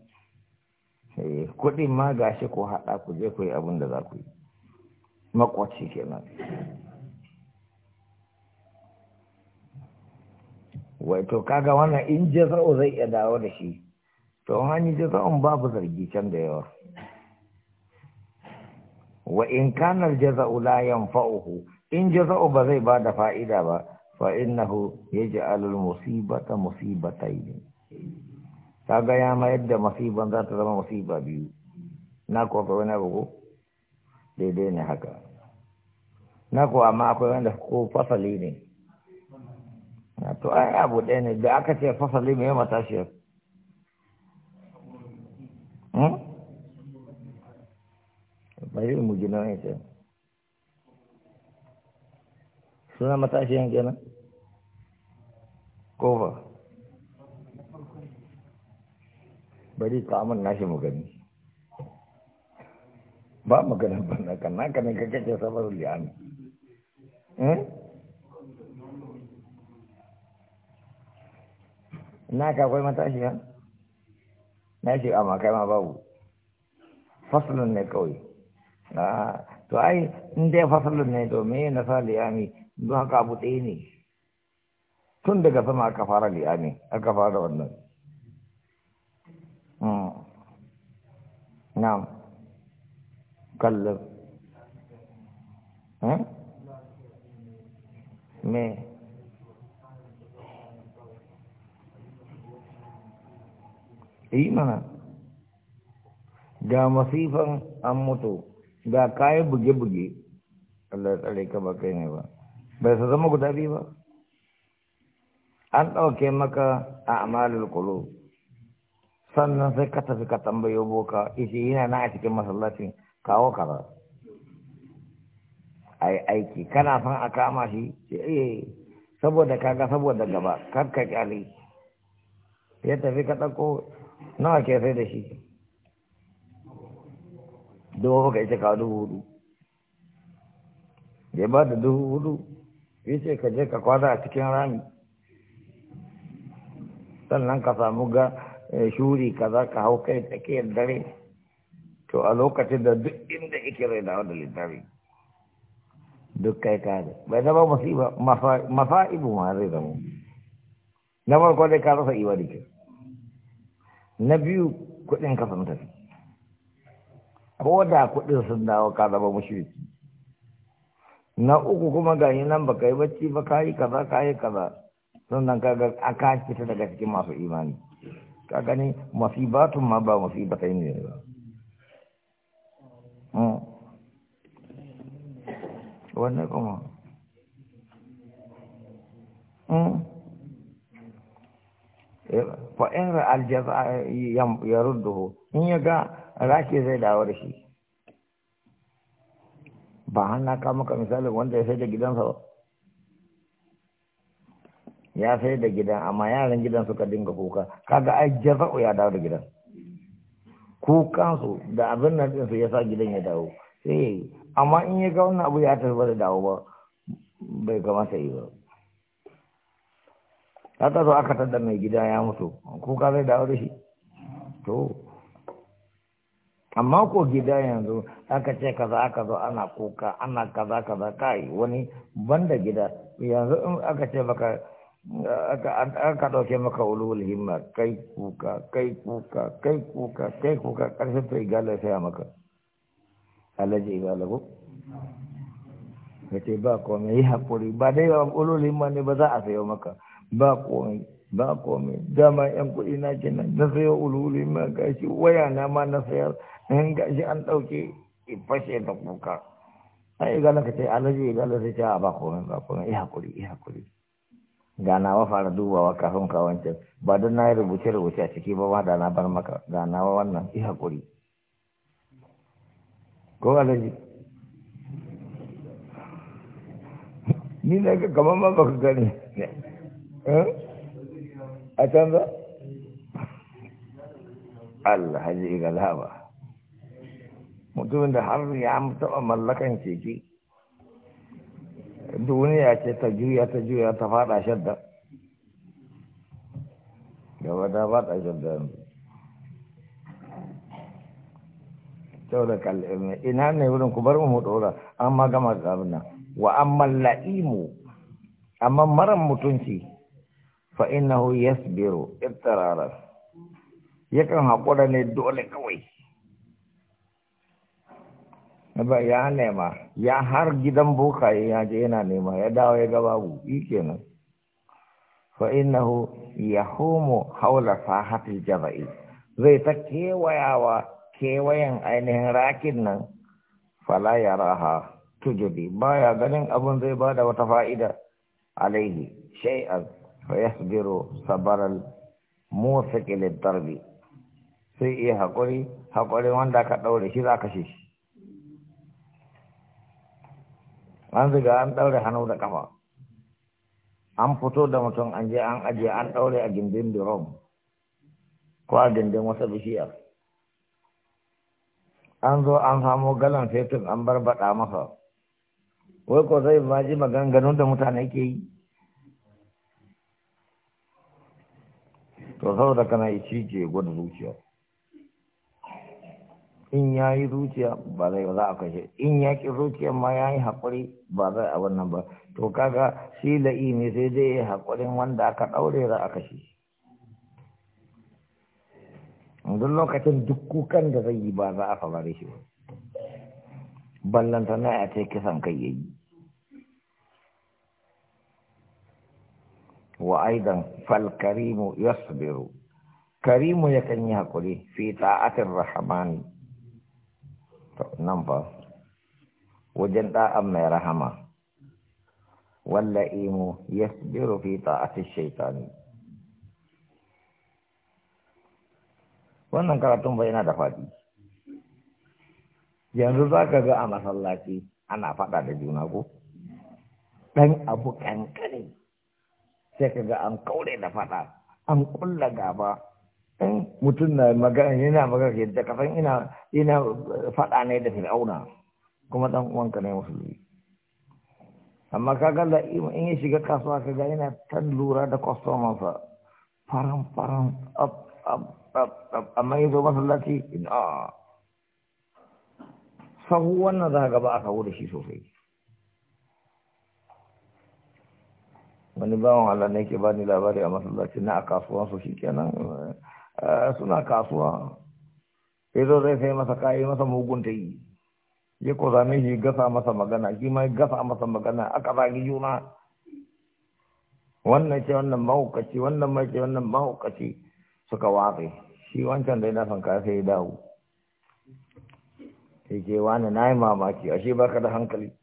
eh, kuɗin ma gashi ko haɗa ku je ku yi abin da za ku yi makwaci kenan wai to kaga wannan in jaza'u zai iya dawo da shi to hanyar jaza'un babu zargi can da yawa wa in kanar jaza'u la yanfa'uhu in jaza'u ba zai ba da fa'ida ba فإنه يجعل المصيبة مصيبتين kaga ya mayar da masiban za ta zama masiba biyu na kuwa akwai wani abu daidai ne haka na ko amma akwai wanda ko fasali ne na to ai abu ɗaya ne da aka ce fasali mai matashiyar hmm? bari mu gina ne ce suna matashiyar gina kofa bari kamun nashi mu gani ba magana banna kan naka ne kake ce sabar liyani eh naka akwai matashi ya na ce amma kai ma babu fasalin ne kawai ah, to ai in ya fasalin ne to me na sa liyani don haka abu ɗaya ne tun daga sama aka fara liyani aka fara wannan hmm. na kallon eh? me yi mana ga masifan an mutu ga kayan buge-buge Allah ya tsare ka ba kai ne ba bai su zama guda biyu ba an ɗauke maka a amalul kulu sannan sai ka tafi ka tambayo boka ishe yana na a cikin masallacin kawo kaza a yi aiki kana son a kama shi eh saboda kaga saboda gaba kar ka kyale ya tafi ka ɗauko nawa ke sai da shi dubu ka ita kawo dubu hudu ya ba da dubu hudu ya ce ka je ka kwada a cikin rami sannan ka samu ga eh, shuri kaza ka hau kai tsakiyar dare to a lokacin da duk inda yake rai da wadda littafi duk kai ka da bai zama musiba mafa'ibu ma zai zama na farko dai ka rasa iwa dikin na biyu kuɗin ka sun tafi ko da kuɗin sun dawo ka zama mushriki na uku kuma gani nan baka yi bacci ba ka yi kaza ka yi kaza sannan kaga aka fita daga cikin masu imani ka gani masibatun ma ba masibatai ne ba hmm. wannan kuma hmm. eh, fa'in ra'al jaza ya rudduhu in ya ga rashi zai dawo da shi ba hannaka maka misali wanda ya sai da gidansa ba ya sai da gidan amma yaran gidan suka dinga kuka kaga ai jaza'u ya dawo da gidan kukansu da abin nan ɗinsu ya sa gidan ya dawo eh amma in ya ga wannan abu ya tafi da dawo ba bai kamata yi ba haka zo aka tada mai gida ya mutu kuka zai dawo da shi to amma ko gida yanzu aka ce kaza aka zo ana kuka ana kaza kaza kai wani banda gida yanzu in aka ce baka aka dauke maka ulul himma kai kuka kai kuka kai kuka kai kuka ƙarshen ta igala sai maka alaji igala ko kace ba komai yi hakuri ba dai ulul himma ne ba za a sayo maka ba komai ba komai dama yan kuɗi na kenan na sayo ulul himma gashi waya na ma na sayar in gashi an ɗauke fashe da kuka ai igala ka ce alaji igala sai ce ba komai ba komai yi hakuri yi hakuri Gana wa fara dubawa kafin ka wancan ba don na yi rubuce-rubuce a ciki ba ma da na bar maka ga nawa wannan yi haƙuri ko alaji ni na ga kamar ma ba ka gani eh? a can za Allah haji ga laba mutumin da har ya taɓa mallakan ciki. duniya ce ta juya ta juya ta fada shadda gaba ta fada shadda yanzu kyau da kalilmi ina ne wurin ku bar mu dora an ma gama da abin nan wa amma la'imu amma maran mutunci fa innahu yasbiru ittararan yakan haƙura ne dole kawai ya nema ya har gidan bokaye ya je yana nema ya dawo ya ga babu kenan fa innahu yahumu hawla sahati jaba'i zai ta kewayawa kewayen ainihin rakin nan fala yaraha tujubi baya ganin abun zai ba da wata fa'ida alaihi shay'an fa yasbiru sabaral musiqil darbi sai iya hakuri hakuri wanda ka daure shi za ka shi an riga an ɗaure hannu da ƙafa an fito da mutum an je an ajiye an ɗaure a gindin durom ko a gindin wata bishiya an zo an samo galan fetur an barbaɗa masa wai ko zai baji maganganun da mutane ke yi to saboda kana ci je gwada zuciya in ya yi zuciya ba zai ba za a kashe in ya ƙi zuciya ma ya yi haƙuri ba zai a wannan ba to kaga shi la'i ne sai dai ya haƙurin wanda aka ɗaure za a kashe duk lokacin duk kukan da zai yi ba za a fabare shi ba ballanta na ya ce kisan kai ya yi wa aidan fal karimu yasbiru karimu yakan yi haƙuri fi ta'atin rahamani nan fa wajen da'an mai rahama walla'imu yasbiru fi ta'ati shaitani wannan karatun bai yana da faɗi yanzu za ka ga a masallaci ana faɗa da juna ko ɗan abu ƙanƙani sai ka ga an kaure da faɗa an ƙulla gaba in eh, mutum na magana yana magana da kafin ina ina faɗa ne da fir'auna kuma dan uwanka ne musulmi amma ga da in ya shiga kasuwa kaga yana tan lura da kwastomansa sa faran faran up up up amma ya zo masallaci a sahu wannan za ka ba a kawo da shi sosai wani bawan Allah ne ke bani labari a masallaci na a kasuwansu shi kenan eh, Eh, suna kasuwa sai zo zai sai masa kayi masa mugun ta yi ya ko zame shi gasa masa magana shi ma gasa masa magana aka zagi juna wannan ce wannan mahaukaci wannan mai ce wannan mahaukaci suka watsi shi wancan dai na san ka sai ya dawo sai ke wani na yi mamaki shi baka da hankali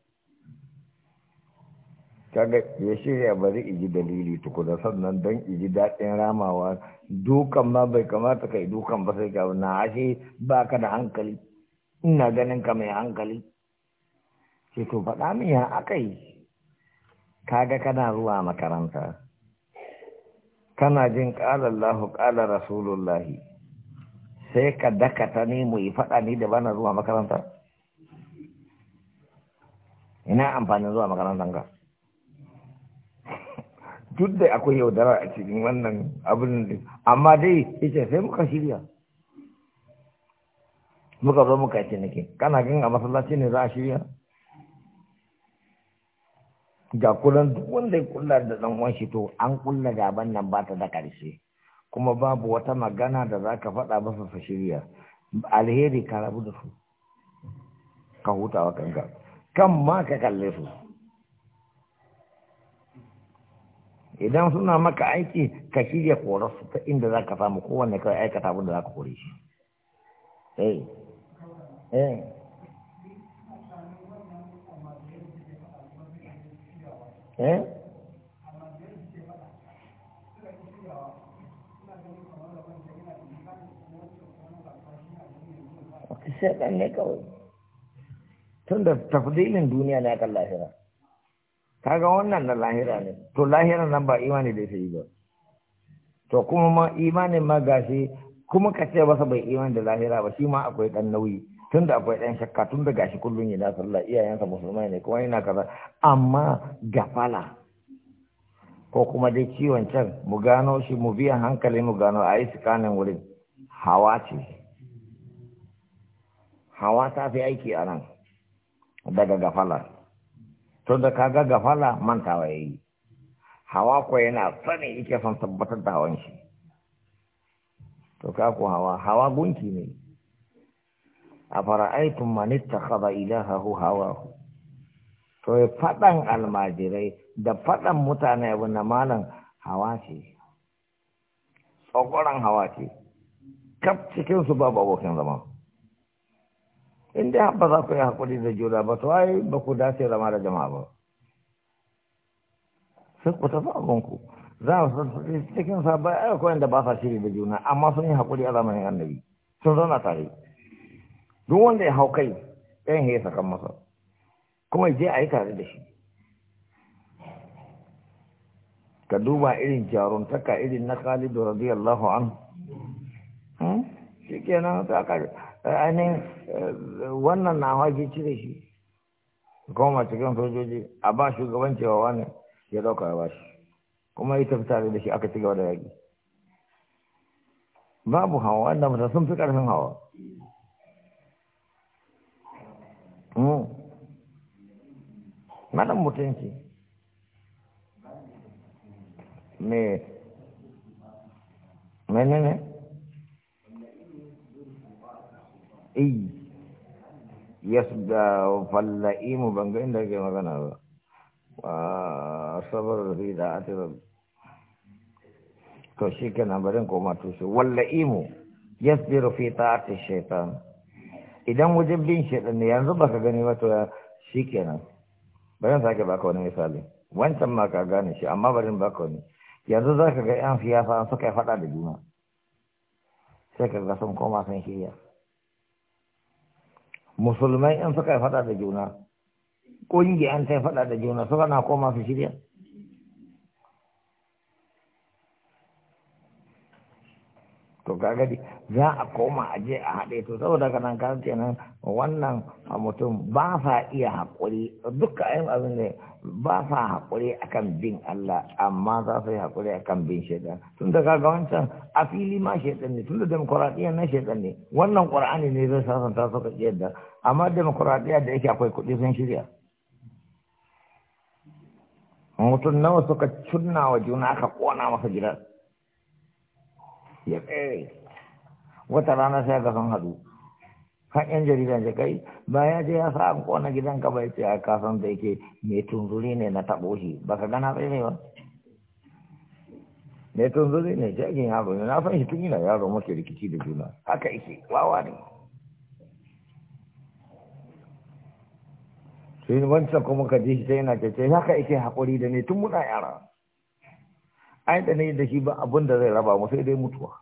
kaga ya shirya bari ji dalili tukuna sannan don ji daɗin ramawa dukan ma bai kamata kai dukan ba sai ka na ashe ba ka da hankali ina ganin ka mai hankali ce to faɗa min ya akai kaga kana zuwa makaranta kana jin ƙala Allah ƙala Rasulullahi sai ka dakata ne mu yi faɗa ni da bana zuwa makaranta ina amfanin zuwa makarantar ka duk da akwai yaudara a cikin wannan abin da amma dai yace sai muka shirya muka zo muka ce nake kana gan a masallaci ne za a shirya ga kullun duk wanda ya kulla da dan uwan shi to an kulla gaban nan ba ta da karshe kuma babu wata magana da za ka faɗa masa su shirya alheri ka rabu da su ka hutawa kanka kan ma ka kalle su idan suna maka aiki ka shirya su ta inda za ka samu kowane kawai aikata abin za ka kore shi eh. Eh. Eh. sai ɗan ne kawai tun da tafdilin duniya ne aka lahira kaga wannan na lahira ne to lahira nan ba imani da yake yi ba to kuma ma imanin ma gashi kuma ka ce masa bai imani da lahira ba shi ma akwai dan nauyi Tunda da akwai ɗan shakka tunda da gashi kullum yana sallah iyayensa musulmai ne kuma yana kaza amma gafala ko kuma dai ciwon can mu gano shi mu biya hankali mu gano a yi tsakanin wurin hawa ce hawa ta fi aiki a nan daga gafalar to da ga gafala mantawa yayi hawa ko yana sani yake son tabbatar da hawan shi to ka ku hawa hawa gunki ne a fara'aitun manitta kaba ilahahu hawahu to faɗan almajirai da faɗan mutane abu na malam hawa ce tsokoran hawa ce kaf cikinsu babu abokin zama in dai ba za ku yi haƙuri da juna ba to ai ba ku dace zama da jama'a ba sai ku tafi abinku za su cikin sabon aiko da ba sa shiri da juna amma sun yi haƙuri a zamanin annabi sun zauna tare duk wanda ya hau kai yan ya sakan masa kuma je a yi tare da shi ka duba irin jaruntaka irin na kalidu radiyallahu an hmm? shi kenan ta kare Eh, ainihin eh, wannan na cire shi goma cikin sojoji a ba shugaban cewa wani ya dauka ya shi kuma ya tafi tare da shi aka ci da yaƙi babu hawa sun fi hawa hmm. mutunci eh yasda falla'imu ban banga inda ke magana ba sabar fi da ati to shi kenan barin koma wallai walla'imu yasbiru fi ta'ati shaitan idan wajen bin shaitan ne yanzu baka gani ba to shi nan barin sake baka wani misali wancan ma ka gane shi amma barin baka wani yanzu za ka ga yan siyasa suka faɗa da juna sai ka ga sun koma sun shirya musulmai in suka faɗa da juna ƙungiyan sai faɗa da juna suka na koma su shirya to gagadi za a koma a je a haɗe to saboda kanan kan kenan wannan mutum ba sa iya haƙuri duka ayin abin ne ba sa haƙuri akan bin Allah amma za su yi haƙuri akan bin shaidan tun da kaga wancan a fili ma shaidan ne tun da demokuraɗiyya na shaidan ne wannan ƙur'ani ne zai sasanta su ka yadda amma demokuraɗiyya da yake akwai kuɗi sun shirya mutum nawa suka cunna wa juna aka ƙona masa gidan ya eh. tsere wata rana sai ga sun haɗu kan yan jarida ce kai ya je ya sa an kona gidanka bai ce a kasan da yake mai tunzuri ne na taɓo shi ba ka gana ne ba mai tunzuri ne jagin yaro ne na san shi tun yana yaro muke rikici da juna haka yake wawa ne sai wancan kuma ka ji shi sai yana ce haka yake haƙuri da ne tun muna yara ai da ne da shi ba abin da zai raba mu sai dai mutuwa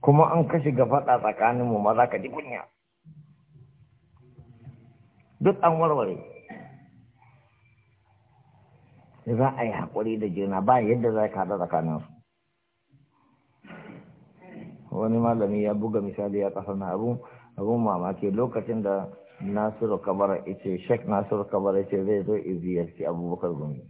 kuma an kashe gafaɗa tsakanin mu ma za ka ji kunya duk an warware za a yi haƙuri da juna ba yadda za ka haɗa tsakanin su wani malami ya buga misali ya ƙasa na abu abun mamaki lokacin da nasiru kabara ce shek nasiru kabara ce zai zo ziyarci abubakar gumi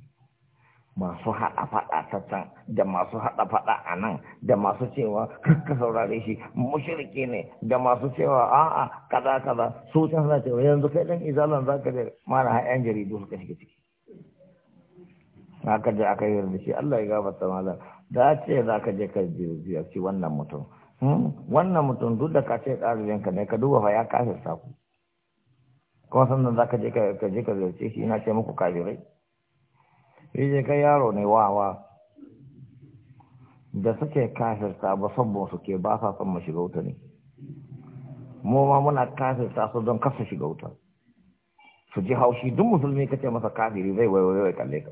masu haɗa faɗa ta can da masu haɗa faɗa a nan da masu cewa kakka saurare shi mushirki ne da masu cewa a'a kaza kaza su can suna cewa yanzu kai dan izalan zaka da mara ha'yan jaridu suka shiga ciki haka da aka yi da shi Allah ya gafarta mala da ce za ka je ka ziyarci wannan mutum hmm? wannan mutum duk da ka ce ɗalibin ka ne ka duba fa ya kafirta ku kuma sannan za ka je ka je ka ziyarce shi ina ce muku kafirai yaje kai yaro ne wawa da suke kafirta ba sabbin suke ba sa son mu shiga wuta ne mu ma muna kafirta su don kasa shiga wuta su ji haushi duk musulmi kace masa kafiri zai wai kalle ka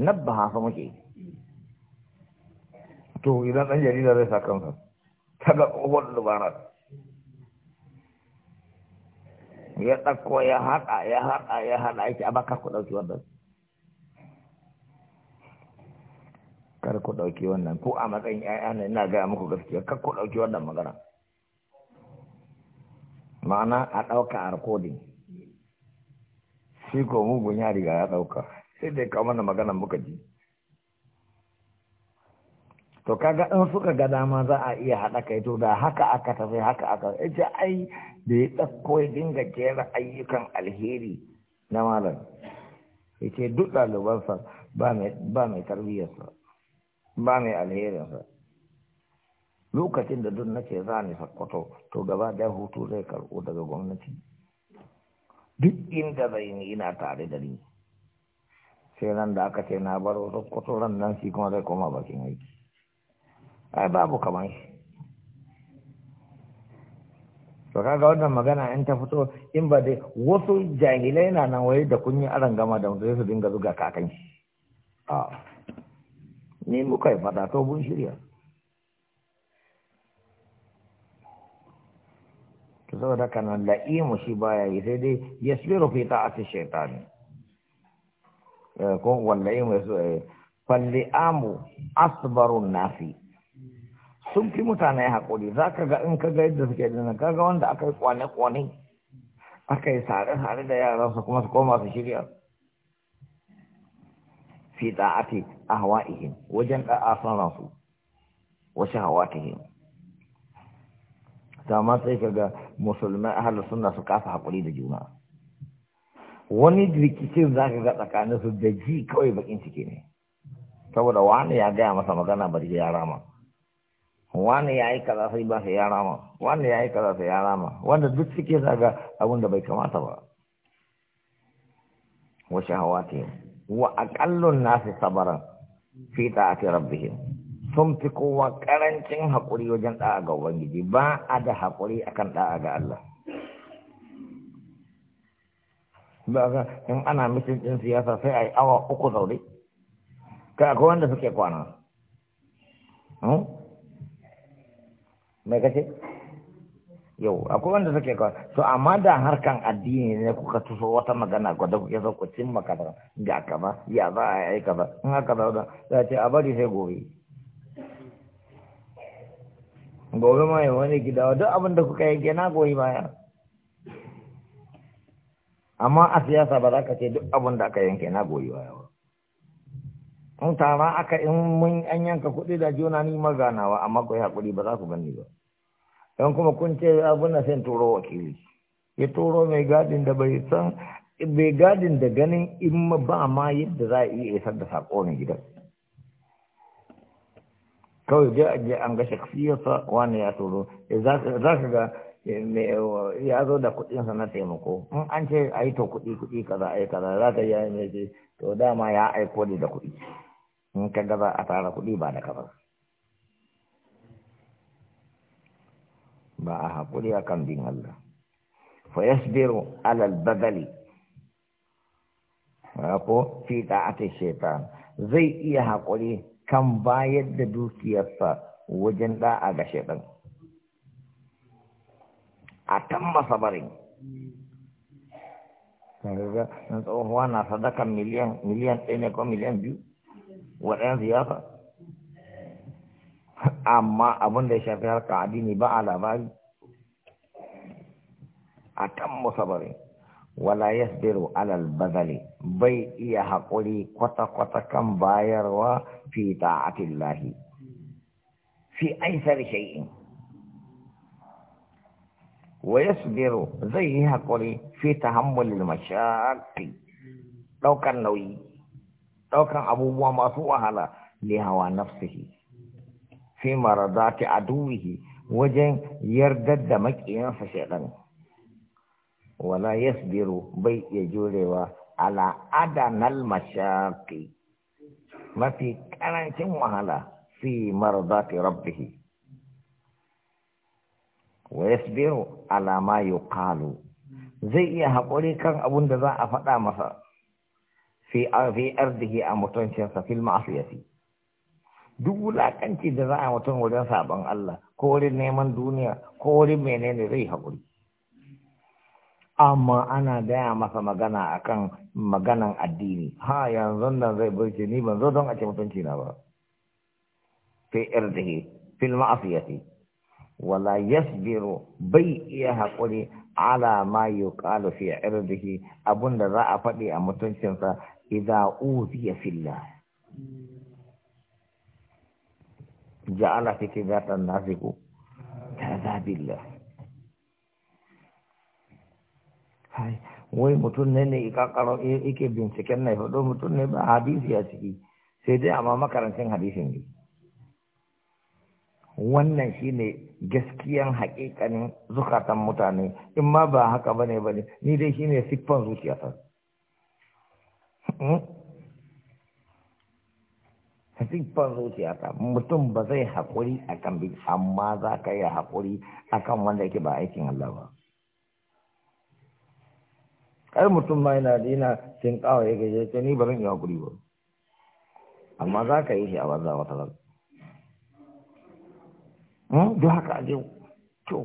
nabba fa muke to idan dan jarida zai sa kansa ta ga dubarar ya ɗauko ya haɗa ya haɗa ya haɗa yake a baka ku ɗauki wannan kar ku ɗauki wannan ko a matsayin ‘ya'ya ne ina gaya muku gaskiya kar ku ɗauki wannan magana ma'ana a ɗauka a rikodin shi ko mugun ya riga ya ɗauka sai dai kawo mana magana muka ji to kaga in suka ga dama za a iya haɗa kai to da haka aka tafi haka aka ce ai da ya ɗauko ya dinga jera ayyukan alheri na malam ya ce duk ɗalibansa ba mai tarbiyyarsa ba mai alherinsa lokacin da duk nake za ni sakkwato to gaba da hutu zai karɓo daga gwamnati duk inda zai ni ina tare da ni sai nan da aka ce na baro sakkwato ran nan shi kuma zai koma bakin aiki ai babu kamar shi to kaga wannan magana in ta fito in ba dai wasu jahilai na nan waye da kun yi aran gama da su dinga zuga kakan shi ah. ne muka yi fada to bun shirya to saboda kana la'imu shi baya yi sai dai yasbiru fi ta'ati shaytani eh, ko wallahi mai eh falli amu asbarun nafi sun fi mutane hakuri zaka ga in ka ga yadda suke dinnan kaga wanda aka yi kwane kwane aka yi sare sare da yaran su kuma su koma su shirya fi da'ati ahwa'ihim wajen da'a san ransu wa shahawatihim ta ma sai kaga musulmai ahlus sunna su kafa hakuri da juna wani rikicin za ka ga tsakanin su da ji kawai bakin ciki ne saboda wani ya gaya masa magana bari ya rama wani ya yi kaza sai ba sai ya rama wani ya yi kaza sai ya rama wanda duk suke zaga abin da bai kamata ba wasu hawa ta wa aqallun nasi sabaran fi ta'ati rabbihim sun fi kowa karancin haƙuri wajen ɗa'a ga Ubangiji ba a da haƙuri akan ɗa'a ga Allah. Ba in ana mitin ɗin siyasa sai a yi awa uku sau dai, ka ga wanda suke kwana. Mai hmm? kace? yau akwai wanda suke kawai to amma da harkan addini ne kuka tuso wata magana gwada kuke so ku cin makarar ga kaza ya za a yi kaza in haka za a za ce a bari sai gobe gobe ma yi wani gida duk abin da kuka yanke na goyi baya amma a siyasa ba za ka ce duk abin da aka yanke na goyi baya ba in tara aka in mun an yanka kuɗi da juna ni maganawa amma ku yi haƙuri ba za ku gani ba don kuma kun ce abin na sai turo wakili ya turo mai gadin da bai san bai gadin da ganin in ba ma yadda za a iya isar da sako ne gidan kawai je aje an ga shakfiyarsa wani ya turo za ka ga ya zo da kuɗinsa na taimako in an ce a yi to kuɗi kuɗi kaza a yi kaza za ka yi ya ce to dama ya aiko ne da kuɗi in ka gaza a tara kuɗi ba da kaza ba a haƙuri a kan bin Allah fa yasbiru alal badali ko fi ta'ati shaitan zai iya haƙuri kan bayar da dukiyarsa wajen da'a ga shaitan a tamma sabarin kaga na tsohuwa na sadakan miliyan miliyan ɗaya ko miliyan biyu waɗansu ya fa amma abin da ya shafi harka addini ba a labari a kan musabari, wala yasbiru alal bazali bai iya haƙuri kwata-kwata kan bayarwa fi ta'atillahi fi aisar shay'in wa yasbiru zai yi haƙuri fi tahammulil mashaqqi ɗaukar nauyi ɗaukar abubuwa masu wahala ne hawa nafsihi fi maradati aduwihi wajen yardar da maƙiyansa shaidan wala yasbiru bai iya jurewa ala adanal mashaqi mafi karancin wahala fi maradati rabbihi wa yasbiru ala ma yuqalu zai iya haƙuri kan abun da za a faɗa masa fi ardihi a mutuncinsa fil ma'asiyati duk wulakanci da za a mutum wurin sabon Allah ko wurin neman duniya ko wurin menene zai haƙuri amma ana daya masa magana akan maganan addini ha yanzu nan zai burke ni ban zo don a ce mutunci na ba fi irdihi fil ma'asiyati wala yasbiru bai iya haƙuri ala ma yuqalu fi irdihi abunda za a faɗi a mutuncinsa idza uziya fillah ja'ala fikratan nasiku kazabillah hai wai mutum ne ne ikakaro yake binciken na hudu mutum ne ba hadisi a ciki sai dai amma makarancin hadisin ne wannan shine gaskiyan haƙiƙanin zukatan mutane in ma ba haka bane bane ni dai shine siffan zuciyata hmm? siffan zuciya ta mutum ba zai haƙuri a kan bi amma za ka yi haƙuri a kan wanda yake ba aikin Allah ba kar mutum ma yana yana sun kawo ya gaje ce ni ba zan yi haƙuri ba amma za ka yi shi a banza wata Hmm? duk haka aje to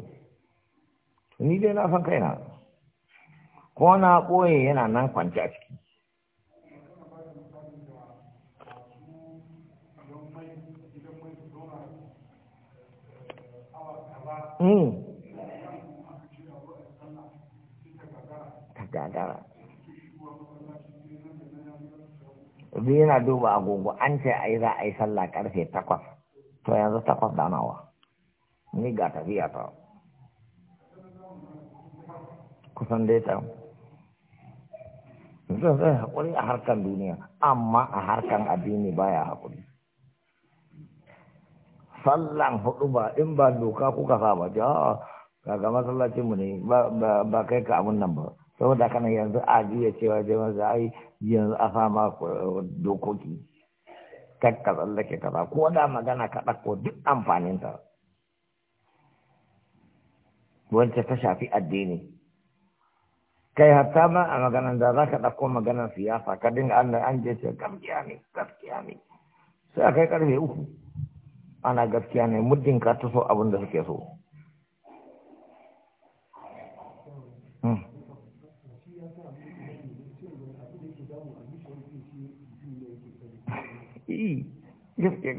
ni dai na san kaina ko na ɓoye yana nan kwanci a ciki Hmm. ta biyu yana duba agogo an ce ai za a yi sallah karfe takwas to yanzu takwas da nawa ni ga tafiya ta kusan dai ta zai haƙuri a harkar duniya amma a harkar addini baya haƙuri sallan hudu ba in ba doka kuka sa ba ja kaga masallacin mu ne ba kai ka abun nan ba saboda kana yanzu ya cewa jama'a za a yi yanzu a fama eh, dokoki kakka tsallake kaza ko da magana ka ɗauko duk amfaninta wacce ta shafi addini kai hatta ma a maganan da za ka ɗauko maganar siyasa ka dinga an je ce gaskiya ne gaskiya ne sai a kai karfe uku ana gaskiya ne muddin ka taso abin da suke so hmm.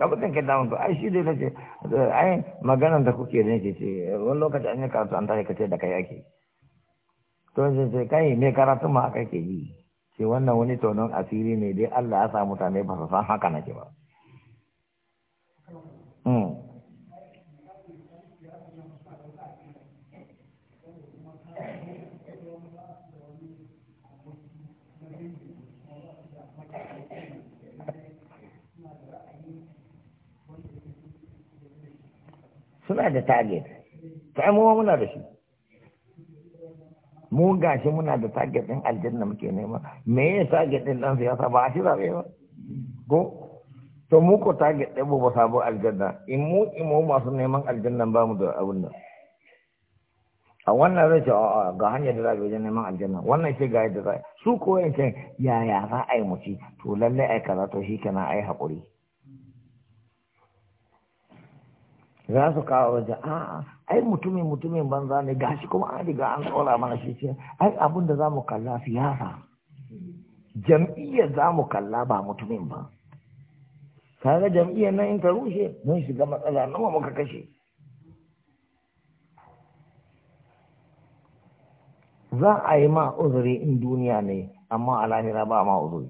abin ke damun to ai shi dai nace ai maganan da kuke ne ke ce wani lokaci an yi karatu an tashi kace da kai ake to sai sai kai me karatu ma aka ke yi ce wannan wani tonon asiri ne dai Allah ya sa mutane ba su san haka nake ba Hmm. suna da target ta mu muna da shi mu gashi muna da target din aljanna muke nema me ya target din dan siyasa ba shi zabe ba ko to mu ko target ɗin ba aljanna in mu in mu masu neman aljanna ba mu da abun nan a wannan zai ce ga hanyar da za ga neman aljanna wannan ce ga yadda su ko ya ya za a yi muci to lallai ai kaza to shi kana ai hakuri. za su kawo waje a'a ai mutumin mutumin banza ne gashi kuma an riga an tsola mana shi ce ai abin da za mu kalla siyasa jam'iyyar za mu kalla ba mutumin ba kaga jam'iyyar nan in ka rushe mun shiga matsala nawa muka kashe za a yi ma uzuri in duniya ne amma a lahira ba ma uzuri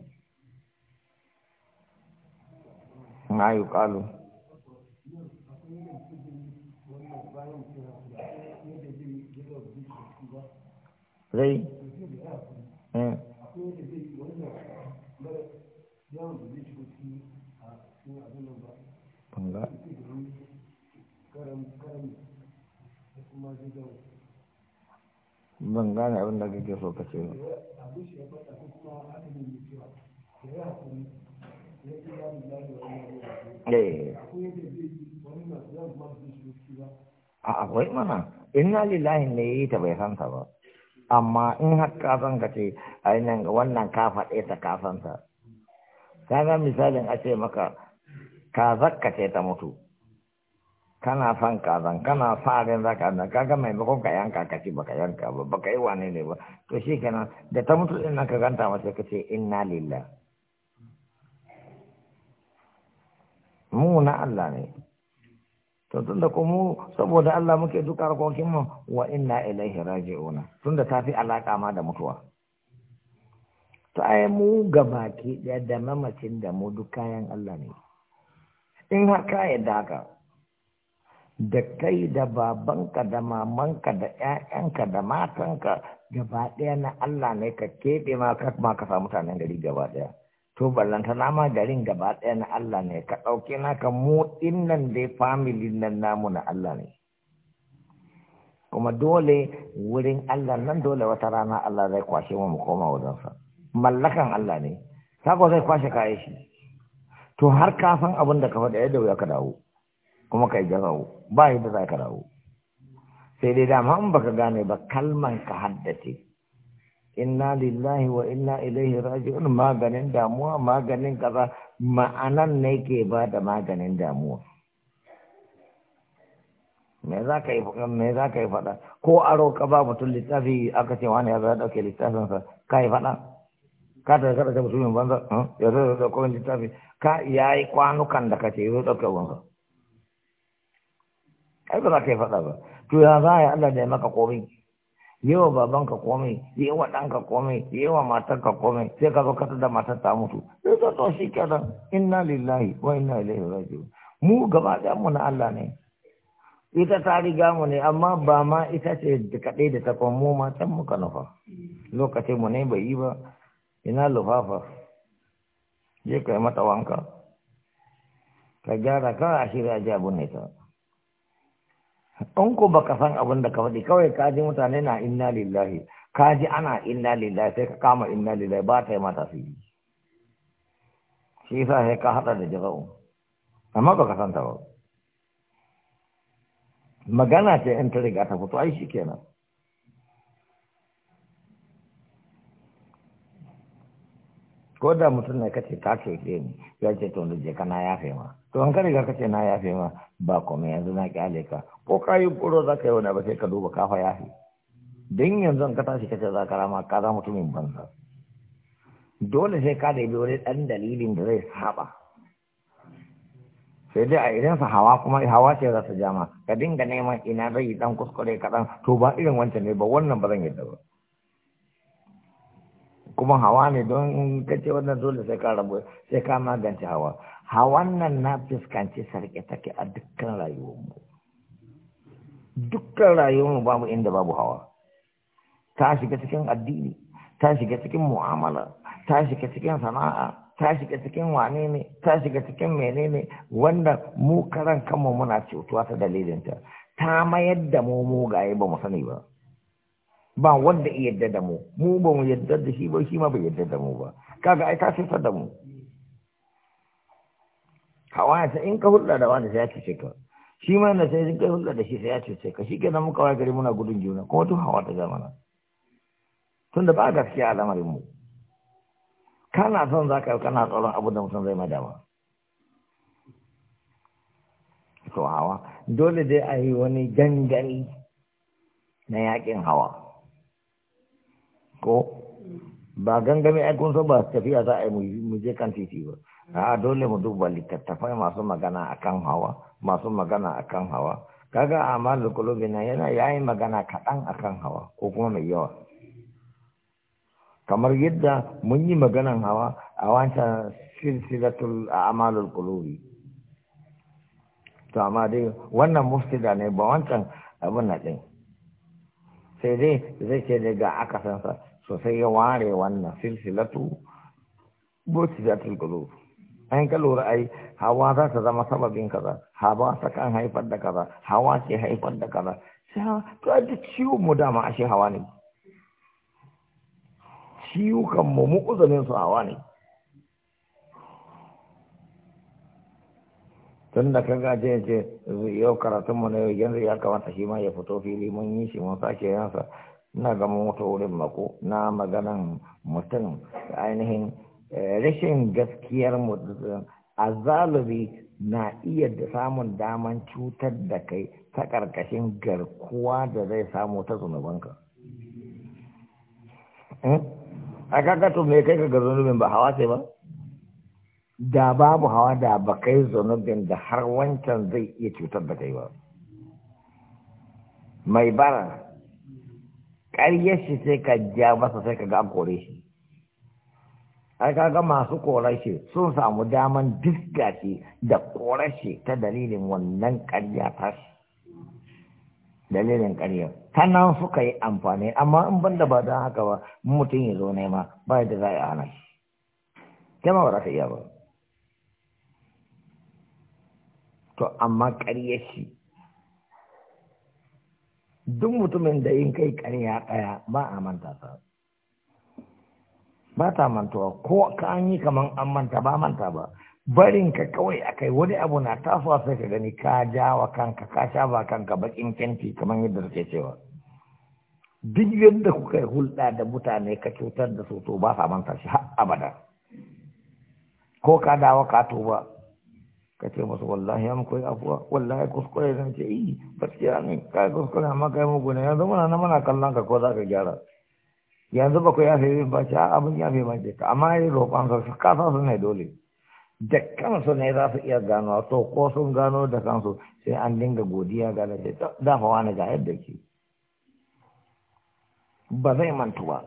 na yi ƙalu zai eh banga ban gane abin da kake so kace ba eh. a akwai mana inna lillahi ne yi ta bai santa ba amma in har ka san ka ce ainihin wannan ka faɗe ta ka santa kana misalin a ce maka zakka ce ta mutu kana san kazan kana farin zaka na kaga maimakon ka yanka ka ci baka yanka ba baka yi wane ne ba to shi kenan da ta mutu din nan ka ganta masa ka ce inna lillah mu na Allah ne to da ko mu saboda Allah muke duka harkokin mu wa inna ilaihi raji'una da ta fi alaka ma da mutuwa to yi mu gabaki ɗaya da mamacin da mu duk kayan Allah ne in haka ya daga da kai da babanka da mamanka da ƴaƴanka da matanka gaba ɗaya na Allah ne ka keɓe ma ka ma mutanen gari gaba ɗaya to ballanta na ma garin gaba ɗaya na Allah ne ka ɗauke naka mu ɗin nan dai famili nan namu na Allah ne kuma dole wurin Allah nan dole wata rana Allah zai kwashe mu mu koma wajensa. mallakan Allah ne sako zai kwashe kayan shi to har ka san abin da ka faɗa yadda wuya ka dawo kuma kai jazawo ba yadda za ka dawo sai dai dama in baka gane ba kalman ka haddace inna lillahi wa inna ilaihi raji'un maganin damuwa maganin kaza ma'anan ne ke ba da maganin damuwa me za ka yi me za ka yi faɗa ko aro ka ba mutum littafi aka ce wani ya za ɗauke littafinsa ka yi faɗa ka ta kada ta musulmin banza ya zo da kowane littafi ka ya yi kwanukan da kace zo ɗauke wanka ai ba za ka yi faɗa ba to ya za a yi Allah da ya maka komai yawa babanka komai yawa ɗanka komai yawa ka komai sai ka zo ka da matar ta mutu sai ka to shi inna lillahi wa inna ilaihi raji'un mu gaba da mu na Allah ne ita ta riga mu ne amma ba ma ita ce da kaɗai da ta mu ma can muka nufa lokacin mu ne bai yi ba ina lufafa je kai mata wanka ka gyara ka a shirya ji abin ne ta in ko baka san abin da ka faɗi kawai ka ji mutane na inna lillahi ka ji ana inna lillahi sai ka kama inna lillahi ba ta yi mata su yi shi yasa sai ka haɗa da jira'u amma ka san ta ba magana ce in ta riga ta fito ai shi kenan ko da mutum ne kace ka ce ke ni ya ce to je ka na yafe ma to an kare ka kace na yafe ma ba komai yanzu na kyale ka ko ka yi kuro za ka yi wani ba sai ka duba ka fa yafe din yanzu ka tashi kace za ka rama ka za mutumin banza dole sai ka da bi wani dan dalilin da zai saba sai dai a idan sa hawa kuma hawa ce za su jama ka dinga neman ina zai dan kuskure kaɗan to ba irin wancan ne ba wannan ba zan yadda ba kuma hawa ne don kace wannan dole sai ka rabu sai ka magance hawa hawan nan na fuskanci sarki take a dukkan rayuwarmu dukkan rayuwarmu babu inda babu hawa ta shiga cikin addini ta shiga cikin mu'amala ta shiga cikin sana'a ta shiga cikin wane ne ta shiga cikin menene wanda mu karan kanmu muna cutuwa ta dalilinta ta mayar da mu mugaye ba mu sani ba ba wanda iya yadda da mu mu ba mu yadda da shi ba shi ma bai yadda da mu ba kaga ai ka sifar da mu hawa sai in ka hulɗa da wani sai ya cuce ka shi ma na sai in ka hulɗa da shi sai ya cice, ka shi kenan mu wai gari muna gudun juna kuma tun hawa ta zamana tunda ba gaskiya a lamarin mu kana son za ka yi kana tsoron abu da mutum zai madama to hawa dole dai a yi wani gangani na yakin hawa ko ba gangami ai kun ba tafiya za a yi mu je kan titi ba a dole mu duba littattafai masu magana akan hawa masu magana akan hawa kaga amalul kulubi na yana yayin magana kaɗan akan hawa ko kuma mai yawa kamar yadda mun yi maganan hawa a wancan silsilatul amalul kulubi to amma dai wannan muftida ne ba wancan abin na ɗin sai dai zai ce daga akasansa so sai ya ware wannan silsilatu gotijatul qulub an ka lura ai hawa za ta zama sababin kaza hawa ta kan haifar da kaza hawa ke haifar da kaza sai to a duk ciwon mu dama a shi hawa ne ciwukan mu mu uzumin su hawa ne tun da kaga ce ce yau karatunmu na yau yanzu ya kamata shi ma ya fito fili mun yi shi mun sake yansa na ga wata wurin mako na maganan mutum ainihin eh, rashin gaskiyar mutum zalubi na iya da samun daman cutar da kai ta ƙarƙashin garkuwa da zai samu ta zunubanka hmm? a kakato mai kai ka ga zunubin ba hawa ce ba da babu hawa da ba kai zunubin da har wancan zai iya cutar da kai ba mai bara ƙaryar shi sai ka ja masa sai ka ga an kore shi ai ga masu korar shi sun samu daman diska shi da korar shi ta dalilin wannan ƙarya ta shi dalilin ƙarya ta nan suka yi amfani amma in ban da ba don haka ba mutum ya zo nema ba da za a hana shi jama ba za ta iya ba to amma ƙarya shi duk mutumin da yin kai ƙarya ɗaya ba a manta ba ba ta mantuwa ko ka an yi kaman an manta ba manta ba barin ka kawai akai wani abu na tasowa sai ka gani ka jawa kanka ka sha ba kanka bakin kenti kaman yadda suke cewa duk yadda kuka yi hulɗa da mutane ka cutar da su to ba sa manta shi har abada ko ka dawo ka tuba ka ce masu wallahi ya muku afuwa wallahi kuskure zan ce yi gaskiya ne kai kuskure amma kai mugu ne yanzu muna na muna kallon ka ko za ka gyara yanzu ba ku yafe min ba ce abin yafe ma ce ka amma yi roƙon ka kasa su ne dole da kansu ne za su iya gano to ko sun gano da kansu sai an dinga godiya ga da dafa wani ga yadda ke ba zai mantuwa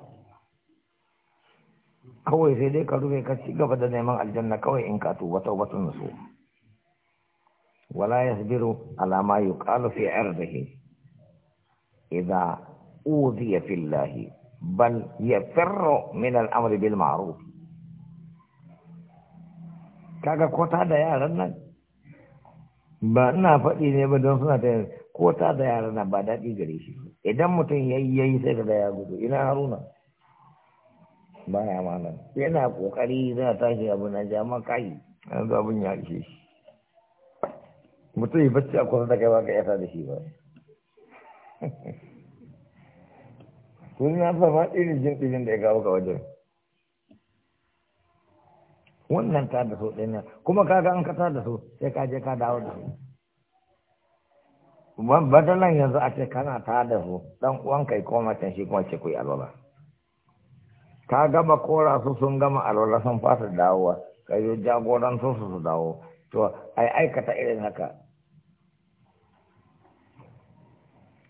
kawai sai dai ka rufe ka ci gaba da neman aljanna kawai in ka tuba taubatun nasu ولا يصبر على ما يقال في عرضه إذا أوذي في الله بل يفر من الأمر بالمعروف kaga kota da yaran nan ba ina faɗi ne ba don suna ta kota da yaran nan ba daɗi gare shi idan mutum ya yi yayi sai da ya gudu ina haruna ba ya malam yana kokari za tashi abu na jama kai yanzu abin ya ishe shi mutum yi bacci a kusa da kai ba ka yasa da shi ba kun na fa ma ɗin jin ɗin da ya kawo ka wajen wannan ka da so ɗin nan kuma ka ga an ka da so sai ka je ka dawo da su nan yanzu a ce kana ta da su ɗan uwan kai koma can shi kuma ce ku yi alwala ka gama kora su sun gama alwala sun fasa dawowa kai yi jagoran su su dawo to ai aikata irin haka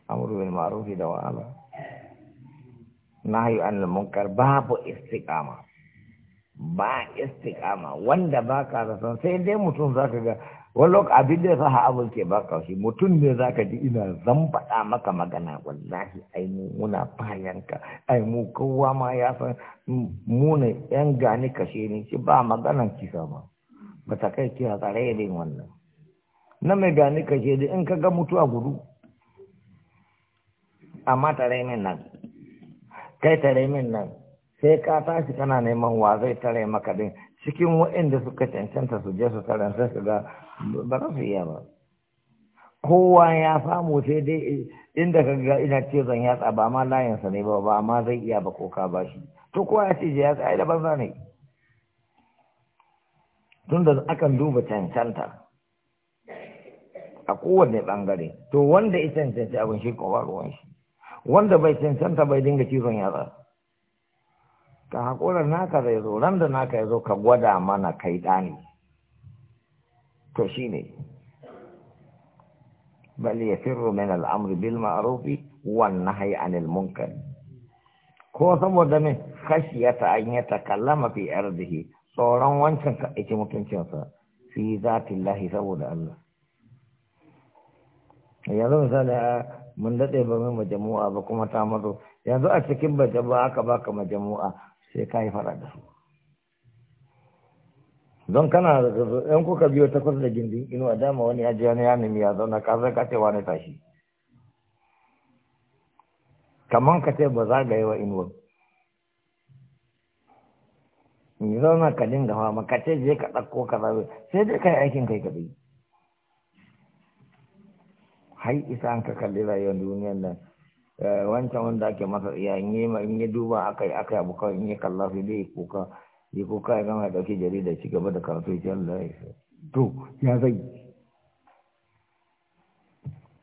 amru bil ma'ruf da wa'ala nahyu anil munkar babu istiqama ba istiqama wanda baka da san sai dai mutum zaka ga wani lokaci abin da sa abu ke baka shi mutum ne zaka ji ina zan faɗa maka magana wallahi ai mu muna bayanka ai mu kowa ma ya san mu ne yan gani kashe ne shi ba maganan kisa ba ba ta kai kira tsare yin wannan na mai gani kashe da in ka ga mutuwa gudu amma tare min nan kai tare min nan sai ka tashi kana neman wa zai tare maka din cikin waɗanda suka cancanta su je su tare sai su ga ba za su iya ba kowa ya samu sai dai inda ka ga ina ce zan yatsa ba ma layinsa ne ba ba ma zai iya ba ko ka ba shi to kowa ya ce yatsa ai da banza ne tunda akan duba cancanta a kowane bangare to wanda ya cancanci abin shi kowa ruwan shi wanda bai cancanta bai dinga cizon yatsa ka haƙura naka zai zo ran da naka ya zo ka gwada mana kai ɗani to shi ne Bali ya firru min al'amri bil ma'rufi wan nahyi anil munkar ko saboda min khashiyata an yatakallama fi ardihi tsoron wancan ka ake mutuncinsa fi zatillahi saboda Allah yanzu misali mun daɗe ba mai majamu'a ba kuma ta mazo yanzu a cikin ba aka baka majamu'a sai ka yi fara da su don kana da yan kuka biyo takwas da gindin inuwa dama wani ya ji wani ya nemi ya zauna ka zai kace wani tashi Kamar ka ce ba za ga yi wa inuwa ni zauna ka dinga fama ka ce je ka ɗauko ka zaɓe sai dai ka yi aikin kai kaɗai hai isa an ka kalli rayuwar duniyar nan eh, wancan wanda ake masa iya in yi duba aka yi aka abu kawai in yi kalla su dai kuka yi kuka ya gama dauki jarida ci gaba da karatu ya ya isa to ya zai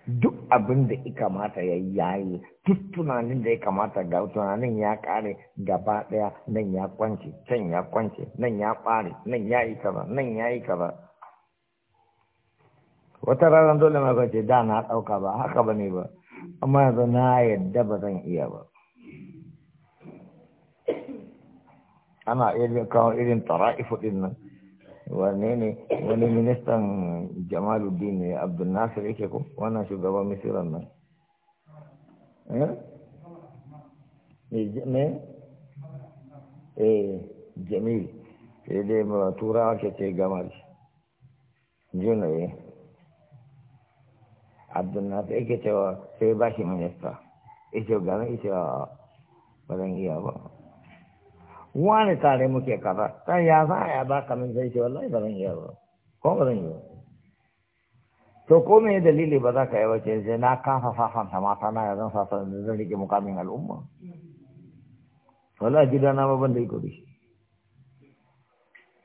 duk abin da ya kamata ya yi yayi duk tunanin da ya kamata ga tunanin ya kare gaba daya nan ya kwance can ya kwance nan ya kware nan ya yi kaza nan ya yi kaza wata ranar dole ma ka ce da na ɗauka ba haka ba ne ba amma yanzu na yadda ba zan iya ba ana iya kawo irin tara'ifu ɗin nan wane ne wani ministan jamaluddin ne abdul nasir yake ku wannan shugaban misiran nan ne eh? e eh, jamil sai dai turawa ke ce gamar junaye eh. abdullahi yake cewa sai ba shi minista ce gane ita ba zan iya ba wani tare muke kaza ta ya za a ba ka min zai ce wallahi ba zan iya ba ko ba zan iya to ko me dalili ba za ka yi wace zai na kafa fafan ta mata na yanzu fafan da zan rike mukamin al'umma wallahi gidana ba ban da iko bi,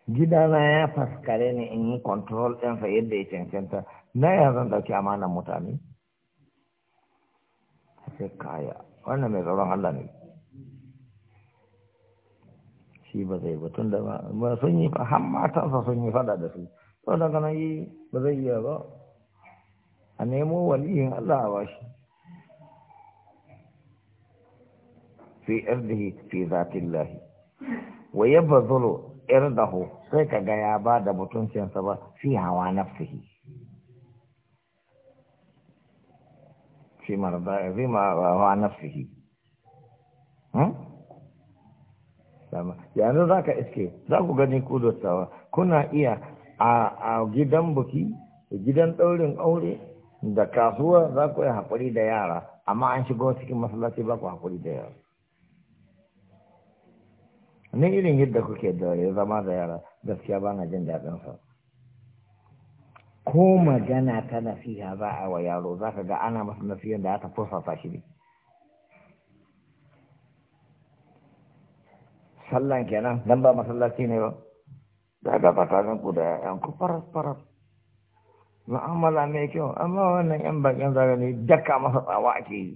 gidana ya faskare ne in yi control ɗinsa yadda ya cancanta na ya zan dauki amanan mutane sai kaya wannan mai tsoron Allah ne shi ba zai batun da ba sun yi fa har sa sun yi fada da su to daga nan yi ba zai yi ba a nemo waliyin Allah ba shi fi irdihi fi lahi. wa yabzulu irdahu sai ka ya ba da mutuncinsa ba fi hawa nafsihi في مرضى في مع نفسه yanzu za ka iske za ku gani ku kuna iya a gidan buki gidan ɗaurin aure da kasuwa za ku yi haƙuri da yara amma an shigo cikin masallaci ba ku haƙuri da yara ni irin yadda kuke da zama da yara gaskiya ba na jin daɗinsa ko magana ta nasiha za a wa yaro za ka ga ana masa nasihar da aka furfafa shi ne sallan kenan nan ba masallaci ne ba da ga tsakanin ku da yan ku faras faras mu'amala mai kyau amma wannan yan bakin zagani daka masa tsawa ake yi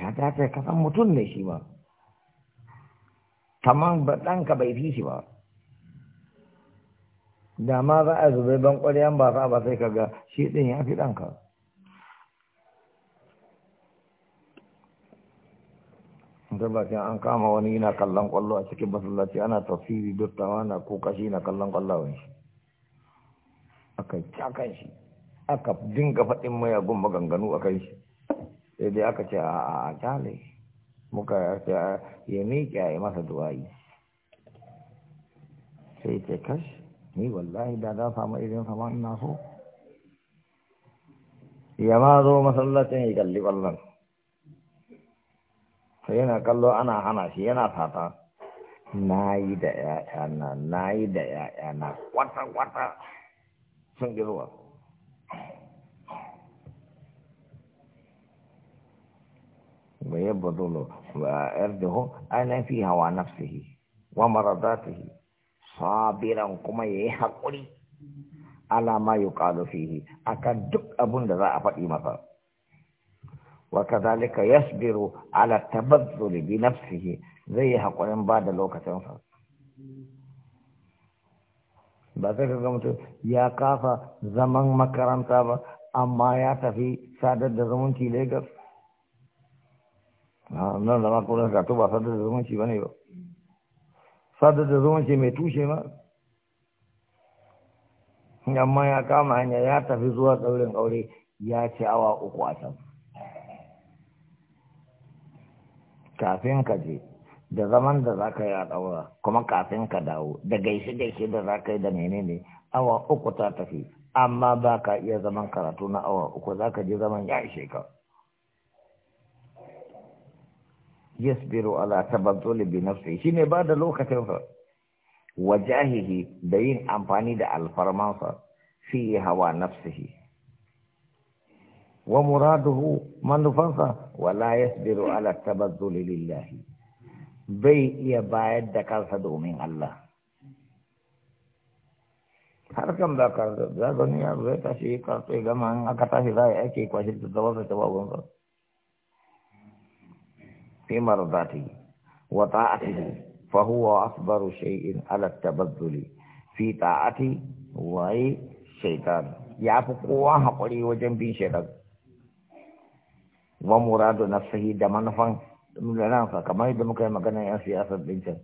ya dace ka san mutum ne shi ma kamar ɗanka bai fi shi ba da ma za a zubai ban ƙwaryan ba ba sai ka ga shi ɗin ya fi ɗanka tabbatin an kama wani yana kallon ƙwallo a cikin masallaci ana tafsiri dottawa na ko kashi na kallon ƙwallon shi aka cakan shi aka dinga faɗin agun maganganu a kai shi sai dai aka ce a kyale muka ya miƙe a yi masa duwayi sai ce kashi ni wallahi da za samu irin sama ina so ya ma zo masallacin ya kalli ballon sai yana أنا ana hana أنا أنا fata أنا yi da ‘ya'yana أنا yi da أنا kwata kwata-kwata sun girwa ويبذل وأرده أنا فيها ونفسه ومرضاته sabiran kuma yayi hakuri ala ma yuqalu fihi Aka duk abun da za a faɗi masa wa kadhalika yasbiru ala tabazzuli bi nafsihi zai yi hakurin ba da lokacinsa ba sai ka ga ya kafa zaman makaranta ba amma ya tafi sadar da zumunci Lagos ah, nan da makonan ba sadar da zumunci bane ba sadar da ce mai tushe ma amma ya kama hanya ya tafi zuwa ɗaurin aure ya ci awa uku a can kafin ka je da zaman da za ka yi a ɗaura kuma kafin ka dawo da gaishe-gaishe da za ka yi da menene awa uku ta tafi amma ba ka iya zaman karatu na awa uku za ka je zaman ya ishe ka yasbiru ala tabaddul bi nafsi shine ba da lokacin sa wajahihi da yin amfani da sa fi hawa nafsihi wa muraduhu manufansa wala yasbiru ala tabazzuli lillahi bai iya bayar da kansa domin Allah har kan da ka za ga ni zai tashi ka sai gama an aka tashi za a yi ake kwashe da zawar da tababunsa fi mardati wa ta'atihi fa huwa asbaru shay'in ala tabaddul fi ta'ati wa shaytan ya fi kowa haƙuri wajen bin shaytan wa muradu nafsihi da manufan lanansa kamar da muka yi magana yan siyasar din can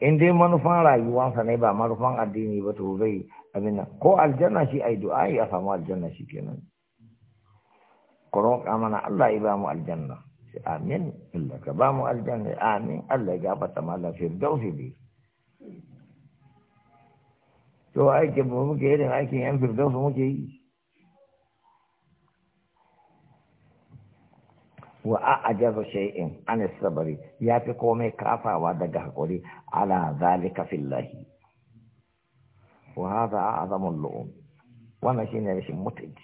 in dai manufan rayuwansa ne ba manufan addini ba to zai amina ko aljanna shi ayi du'a ya samu aljanna shi kenan kuma kamana Allah ya ba mu aljanna sai amin illa ka ba mu aljanna amin Allah ya gafarta mallan firdausi dai to aikin mu muke irin aikin yan firdausi muke yi wa a a'jazu shay'in an sabari ya fi komai kafawa daga hakuri ala zalika fillahi wa hadha a'zamu al-lu'um wannan shine rashin mutunci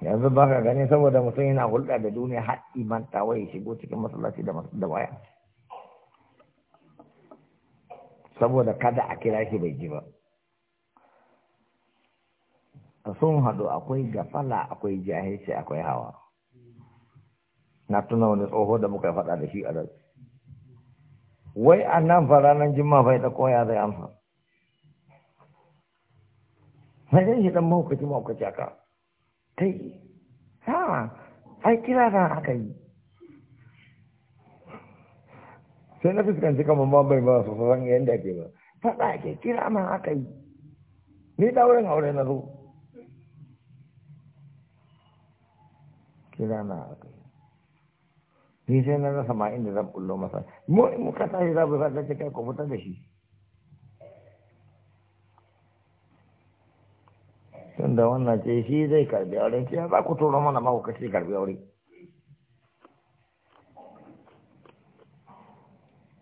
yanzu ba ka gani saboda mutum yana hulɗa da duniya har imanta wai shigo cikin masallaci da waya saboda kada a kira shi bai ji ba a sun haɗu akwai gafala akwai jahilci akwai hawa na tuna wani tsoho da muka faɗa da shi a da wai a nan fara nan jimma bai ta koya zai amsa sai shi dan mahaukaci mahaukaci aka ta yi sa'a ai kira na aka yi sai na fuskanci kamar ma bai ba su san yadda ake ba faɗa ake kira na aka yi ni daurin aure na zo kira na aka yi ni sai na rasa ma inda zan bullo masa mu in muka tashi za mu fata ta kai ku fitar da shi da wannan ce shi zai karbi aure ce za ku turo mana mahaukaci karbi aure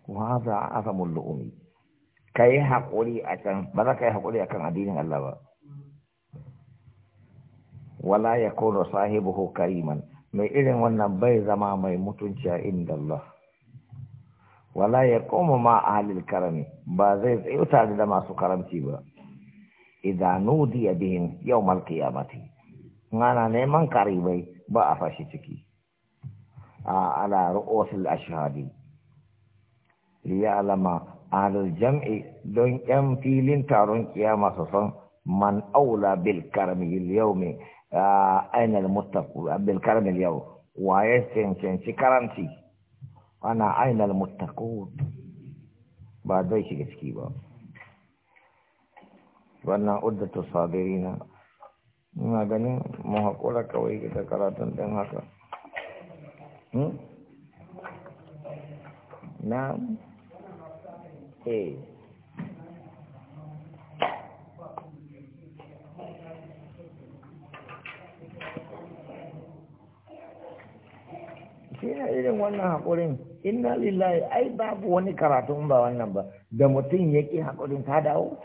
wa za a mullu lu'umi ka yi haƙuri a can ba za ka yi haƙuri a kan addinin Allah ba wala ya kono sahibu kariman mai irin wannan bai zama mai mutunci a inda Allah wala ya koma ma a halin karami ba zai tsayo tare da masu karamci ba idza nudiya bihim yawmal qiyamati ngana neman karibai ba a fashi ciki a ala ru'usul ashhadi liya'lama ahlul jam'i don yan filin taron kiyama su san man aula bil karmi yawmi aina al muttaqu bil karmi yaw wa karanti ana aina al muttaqu ba zai shiga ciki ba wannan uddatu sabirina ina ganin mu haƙura kawai da karatun ɗin haka hmm? na eh shi irin wannan haƙurin inna lillahi ai babu wani karatun ba wannan ba da mutum ya ƙi haƙurin ta dawo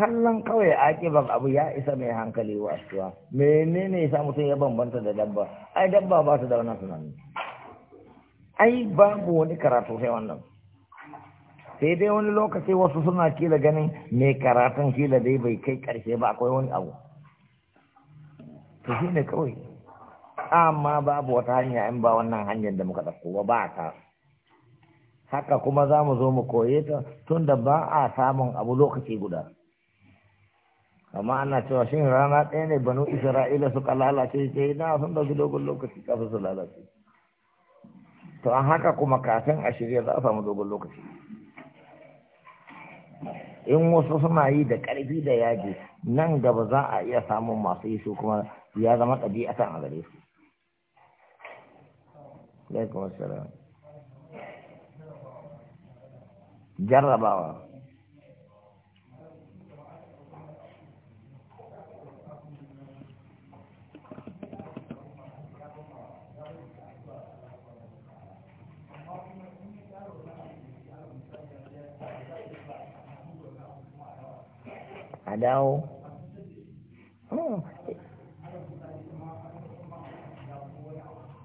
kallon kawai aƙiban abu ya isa mai hankali wa asuwa menene yasa mutum ya bambanta da dabba ai dabba ba su da wannan tunani ai babu wani karatu sai wannan sai dai wani lokaci wasu suna kila ganin mai karatun kila dai bai kai karshe ba akwai wani abu to shi ne kawai amma babu wata hanya in ba wannan hanyar da muka ɗauko ba ta haka kuma za mu zo mu koye ta tun da ba a samun abu lokaci guda amma ana cewa shin rana ɗaya ne banu isra'ila suka lalace ce na sun ɗauki dogon lokaci kafin su lalace to an haka kuma kafin a shirya za a samu dogon lokaci in wasu suna yi da ƙarfi da yaji nan gaba za a iya samun masu yi su kuma ya zama a kan a gare su jarrabawa a dawo hmm.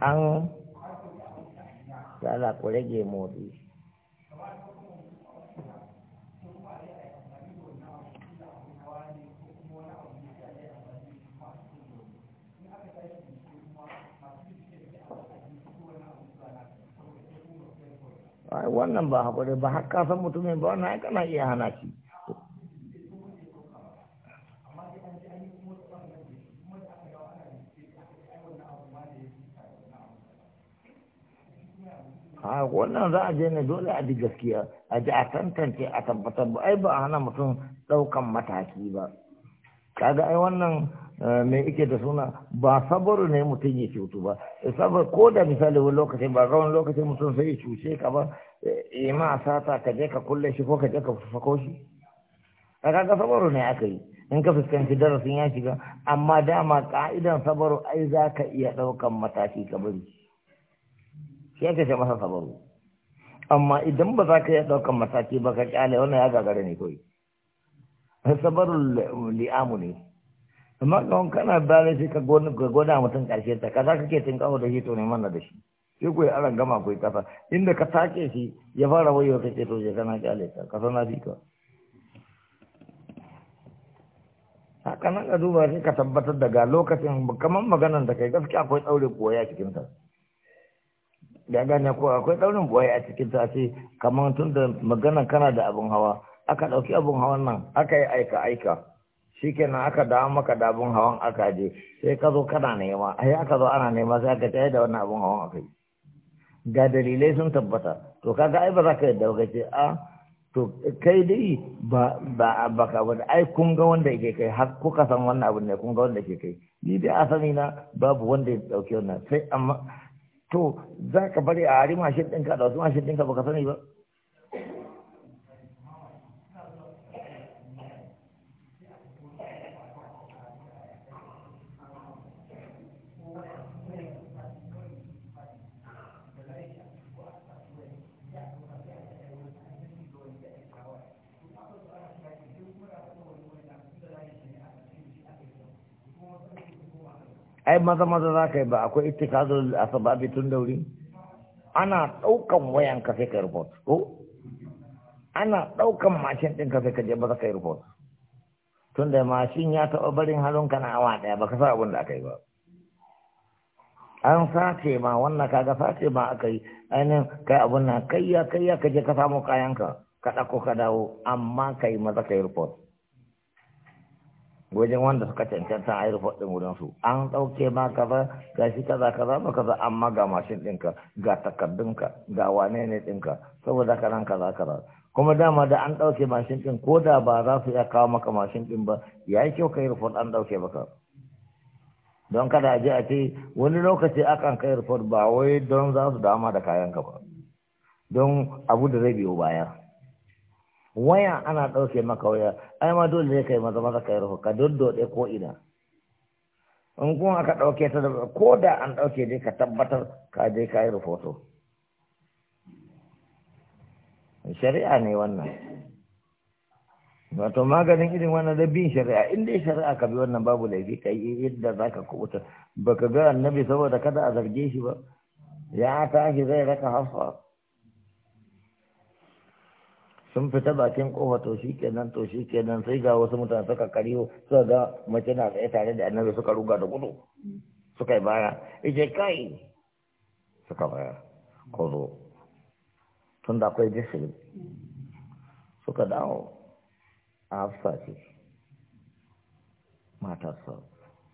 an tsara ku rage motsi wannan ba haƙuri ba har kasan mutumin ba wannan kana iya hana shi a wannan za a je ne dole a ji gaskiya a ji a tantance a tabbatar ba ai ba a hana mutum ɗaukan mataki ba kaga ai wannan eh, mai ike da suna ba sabar ne mutum ya cutu ba eh, sabar ko da misali wani lokaci ba ga wani lokaci mutum sai ya cuce ka ba eh, a sata ka je ka kulle shi ko ka je ka fako shi kaga sabaru ne aka yi in ka fuskanci darasin ya shiga amma dama ka'idan sabaru ai za ka iya ɗaukan mataki ka bari shi yake shi masa sabaru amma idan ba za ka yi ɗaukan mataki ba ka kyale wannan ya gagara ne kawai sabarun li'amu ne amma kawai kana da shi ka gona mutum ƙarshe ta ka ke tun kawo da shi to neman da shi shi ku yi aran gama ku kasa inda ka take shi ya fara wayo ka ce to je kana kyale ka kasa na fi ka haka nan ka duba sai ka tabbatar daga lokacin kamar maganan da kai gaskiya akwai tsaure ya cikin ta da gane ko akwai daurin buwai a cikin ta ce kamar tun da magana kana da abin hawa aka dauki abin hawan nan aka yi aika aika shikenan aka dawo maka da abin hawan aka je sai ka zo kana nema ai aka zo ana nema sai ka tsaye da wannan abin hawan aka yi ga dalilai sun tabbata to kaga ai ba za ka yadda ka ce a ah, to kai dai ba ba ba ka ba ai kun ga wanda yake kai har kuka san wannan abin ne kun ga wanda yake kai ni dai asali na babu wanda ya dauki wannan sai amma to za ka bari a hari mashin ɗinka da wasu mashin ɗinka ka sani ba ai maza maza za ka yi ba akwai itikazar asababi tun da wuri ana ɗaukan wayan ka sai ka report ko ana ɗaukan mashin ɗin ka sai ka je ba za ka yi report tun da mashin ya taba barin halin ka na awa ɗaya ba ka sa abin da aka yi ba an sace ma wannan kaga sace ma aka yi ainihin kai abin na, kai ya kai ya ka je ka samu kayan ka ka ɗauko ka dawo amma ka yi maza ka yi report wajen wanda suka cancanta a yi ɗin su an ɗauke ma kaza ga shi kaza kaza ba kaza amma ga mashin ɗinka ga takardunka ga wane ne ɗinka saboda ka nan kaza kaza kuma dama da an ɗauke mashin ɗin ko da ba za su iya kawo maka mashin ɗin ba ya yi kyau ka yi report an ɗauke ka don kada a je a ce wani lokaci akan kai report ba wai don za su dama da kayanka ba don abu da zai biyo baya waya ana ɗauke maka waya ai ma dole ne kai maza maza kai ruhu ka doddoɗe ko ina in kuma aka ɗauke ta ko da an ɗauke dai ka tabbatar ka je ka yi rahoto shari'a ne wannan wato maganin irin wannan da bin shari'a in dai shari'a ka bi wannan babu laifi ka yadda za ka kubuta ba ka ga annabi saboda kada a zarge shi ba ya tashi zai raka hafsa sun fita bakin kofa to shi kenan to shi kenan sai ga wasu mutane suka kariyo suka ga mace na tsaye tare da annabi suka ruga da gudu suka yi baya ije kai suka baya ko zo tun da akwai disiri suka dawo a hafsa ce matarsa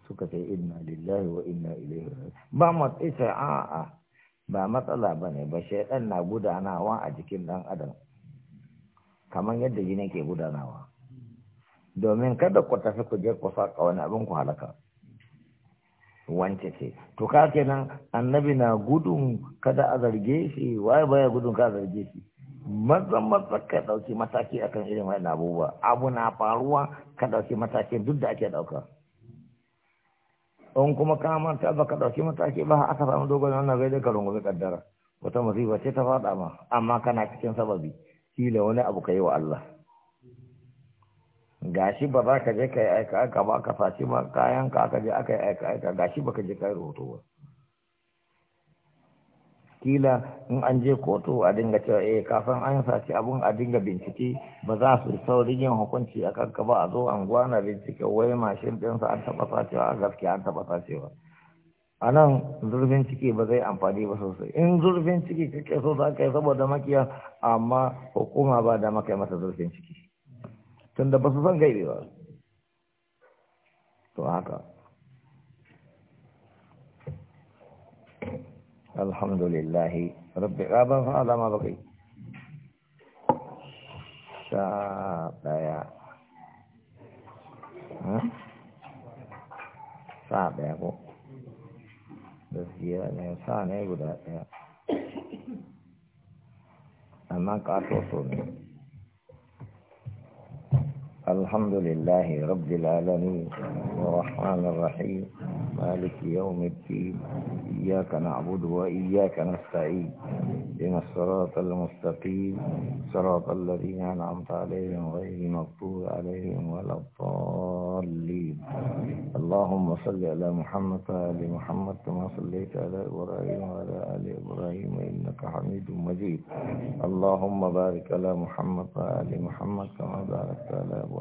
suka ce inna lillahi wa inna ilaihi ba mu tsaye a'a ba matsala bane ba shaidan na gudanawa a jikin dan adam kamar yadda jini ke gudanawa domin kada ku tafi ku je ku saka wani abin ku halaka wance ce to ka kenan annabi na gudun kada a zarge shi waye baya gudun ka zarge shi mazan mazan ka dauki mataki akan irin wani abubuwa abu na faruwa ka dauki mataki duk da ake dauka in kuma ka manta ba ka dauki mataki ba aka samu dogon wannan zai dai ka kaddara wata musiba ce ta faɗa ma amma kana cikin sababi kila wani abu ka yi wa Allah gashi ba za ka je ka yi aika aika ba ka faci ma kayan ka aka je aka yi aika aika gashi ba ka je ka yi rahoto ba kila in an je kotu a dinga cewa eh kafin an sace abun a dinga bincike ba za su saurin yin hukunci a kanka ba a zo an gwana bincike wai mashin ɗinsa an taɓa sacewa a gaskiya an taɓa sacewa a nan zurfin ciki ba zai amfani ba sosai in zurfin ciki kake so za ka yi saboda makiya amma hukuma ba da maka masa zurfin ciki tunda ba su san gaibe ba to haka alhamdulillahi rabbi ƙaban sa alama ba kai sha ɗaya hmm? sha ɗaya ko gaskiya ne sa ne guda ɗaya amma ƙato so ne الحمد لله رب العالمين الرحمن الرحيم مالك يوم الدين إياك نعبد وإياك نستعين إن الصراط المستقيم صراط الذين أنعمت عليهم غير المغضوب عليهم ولا الضالين اللهم صل على محمد وعلى محمد كما صليت على إبراهيم وعلى آل إبراهيم إنك حميد مجيد اللهم بارك على محمد وعلى محمد كما باركت على إبراهيم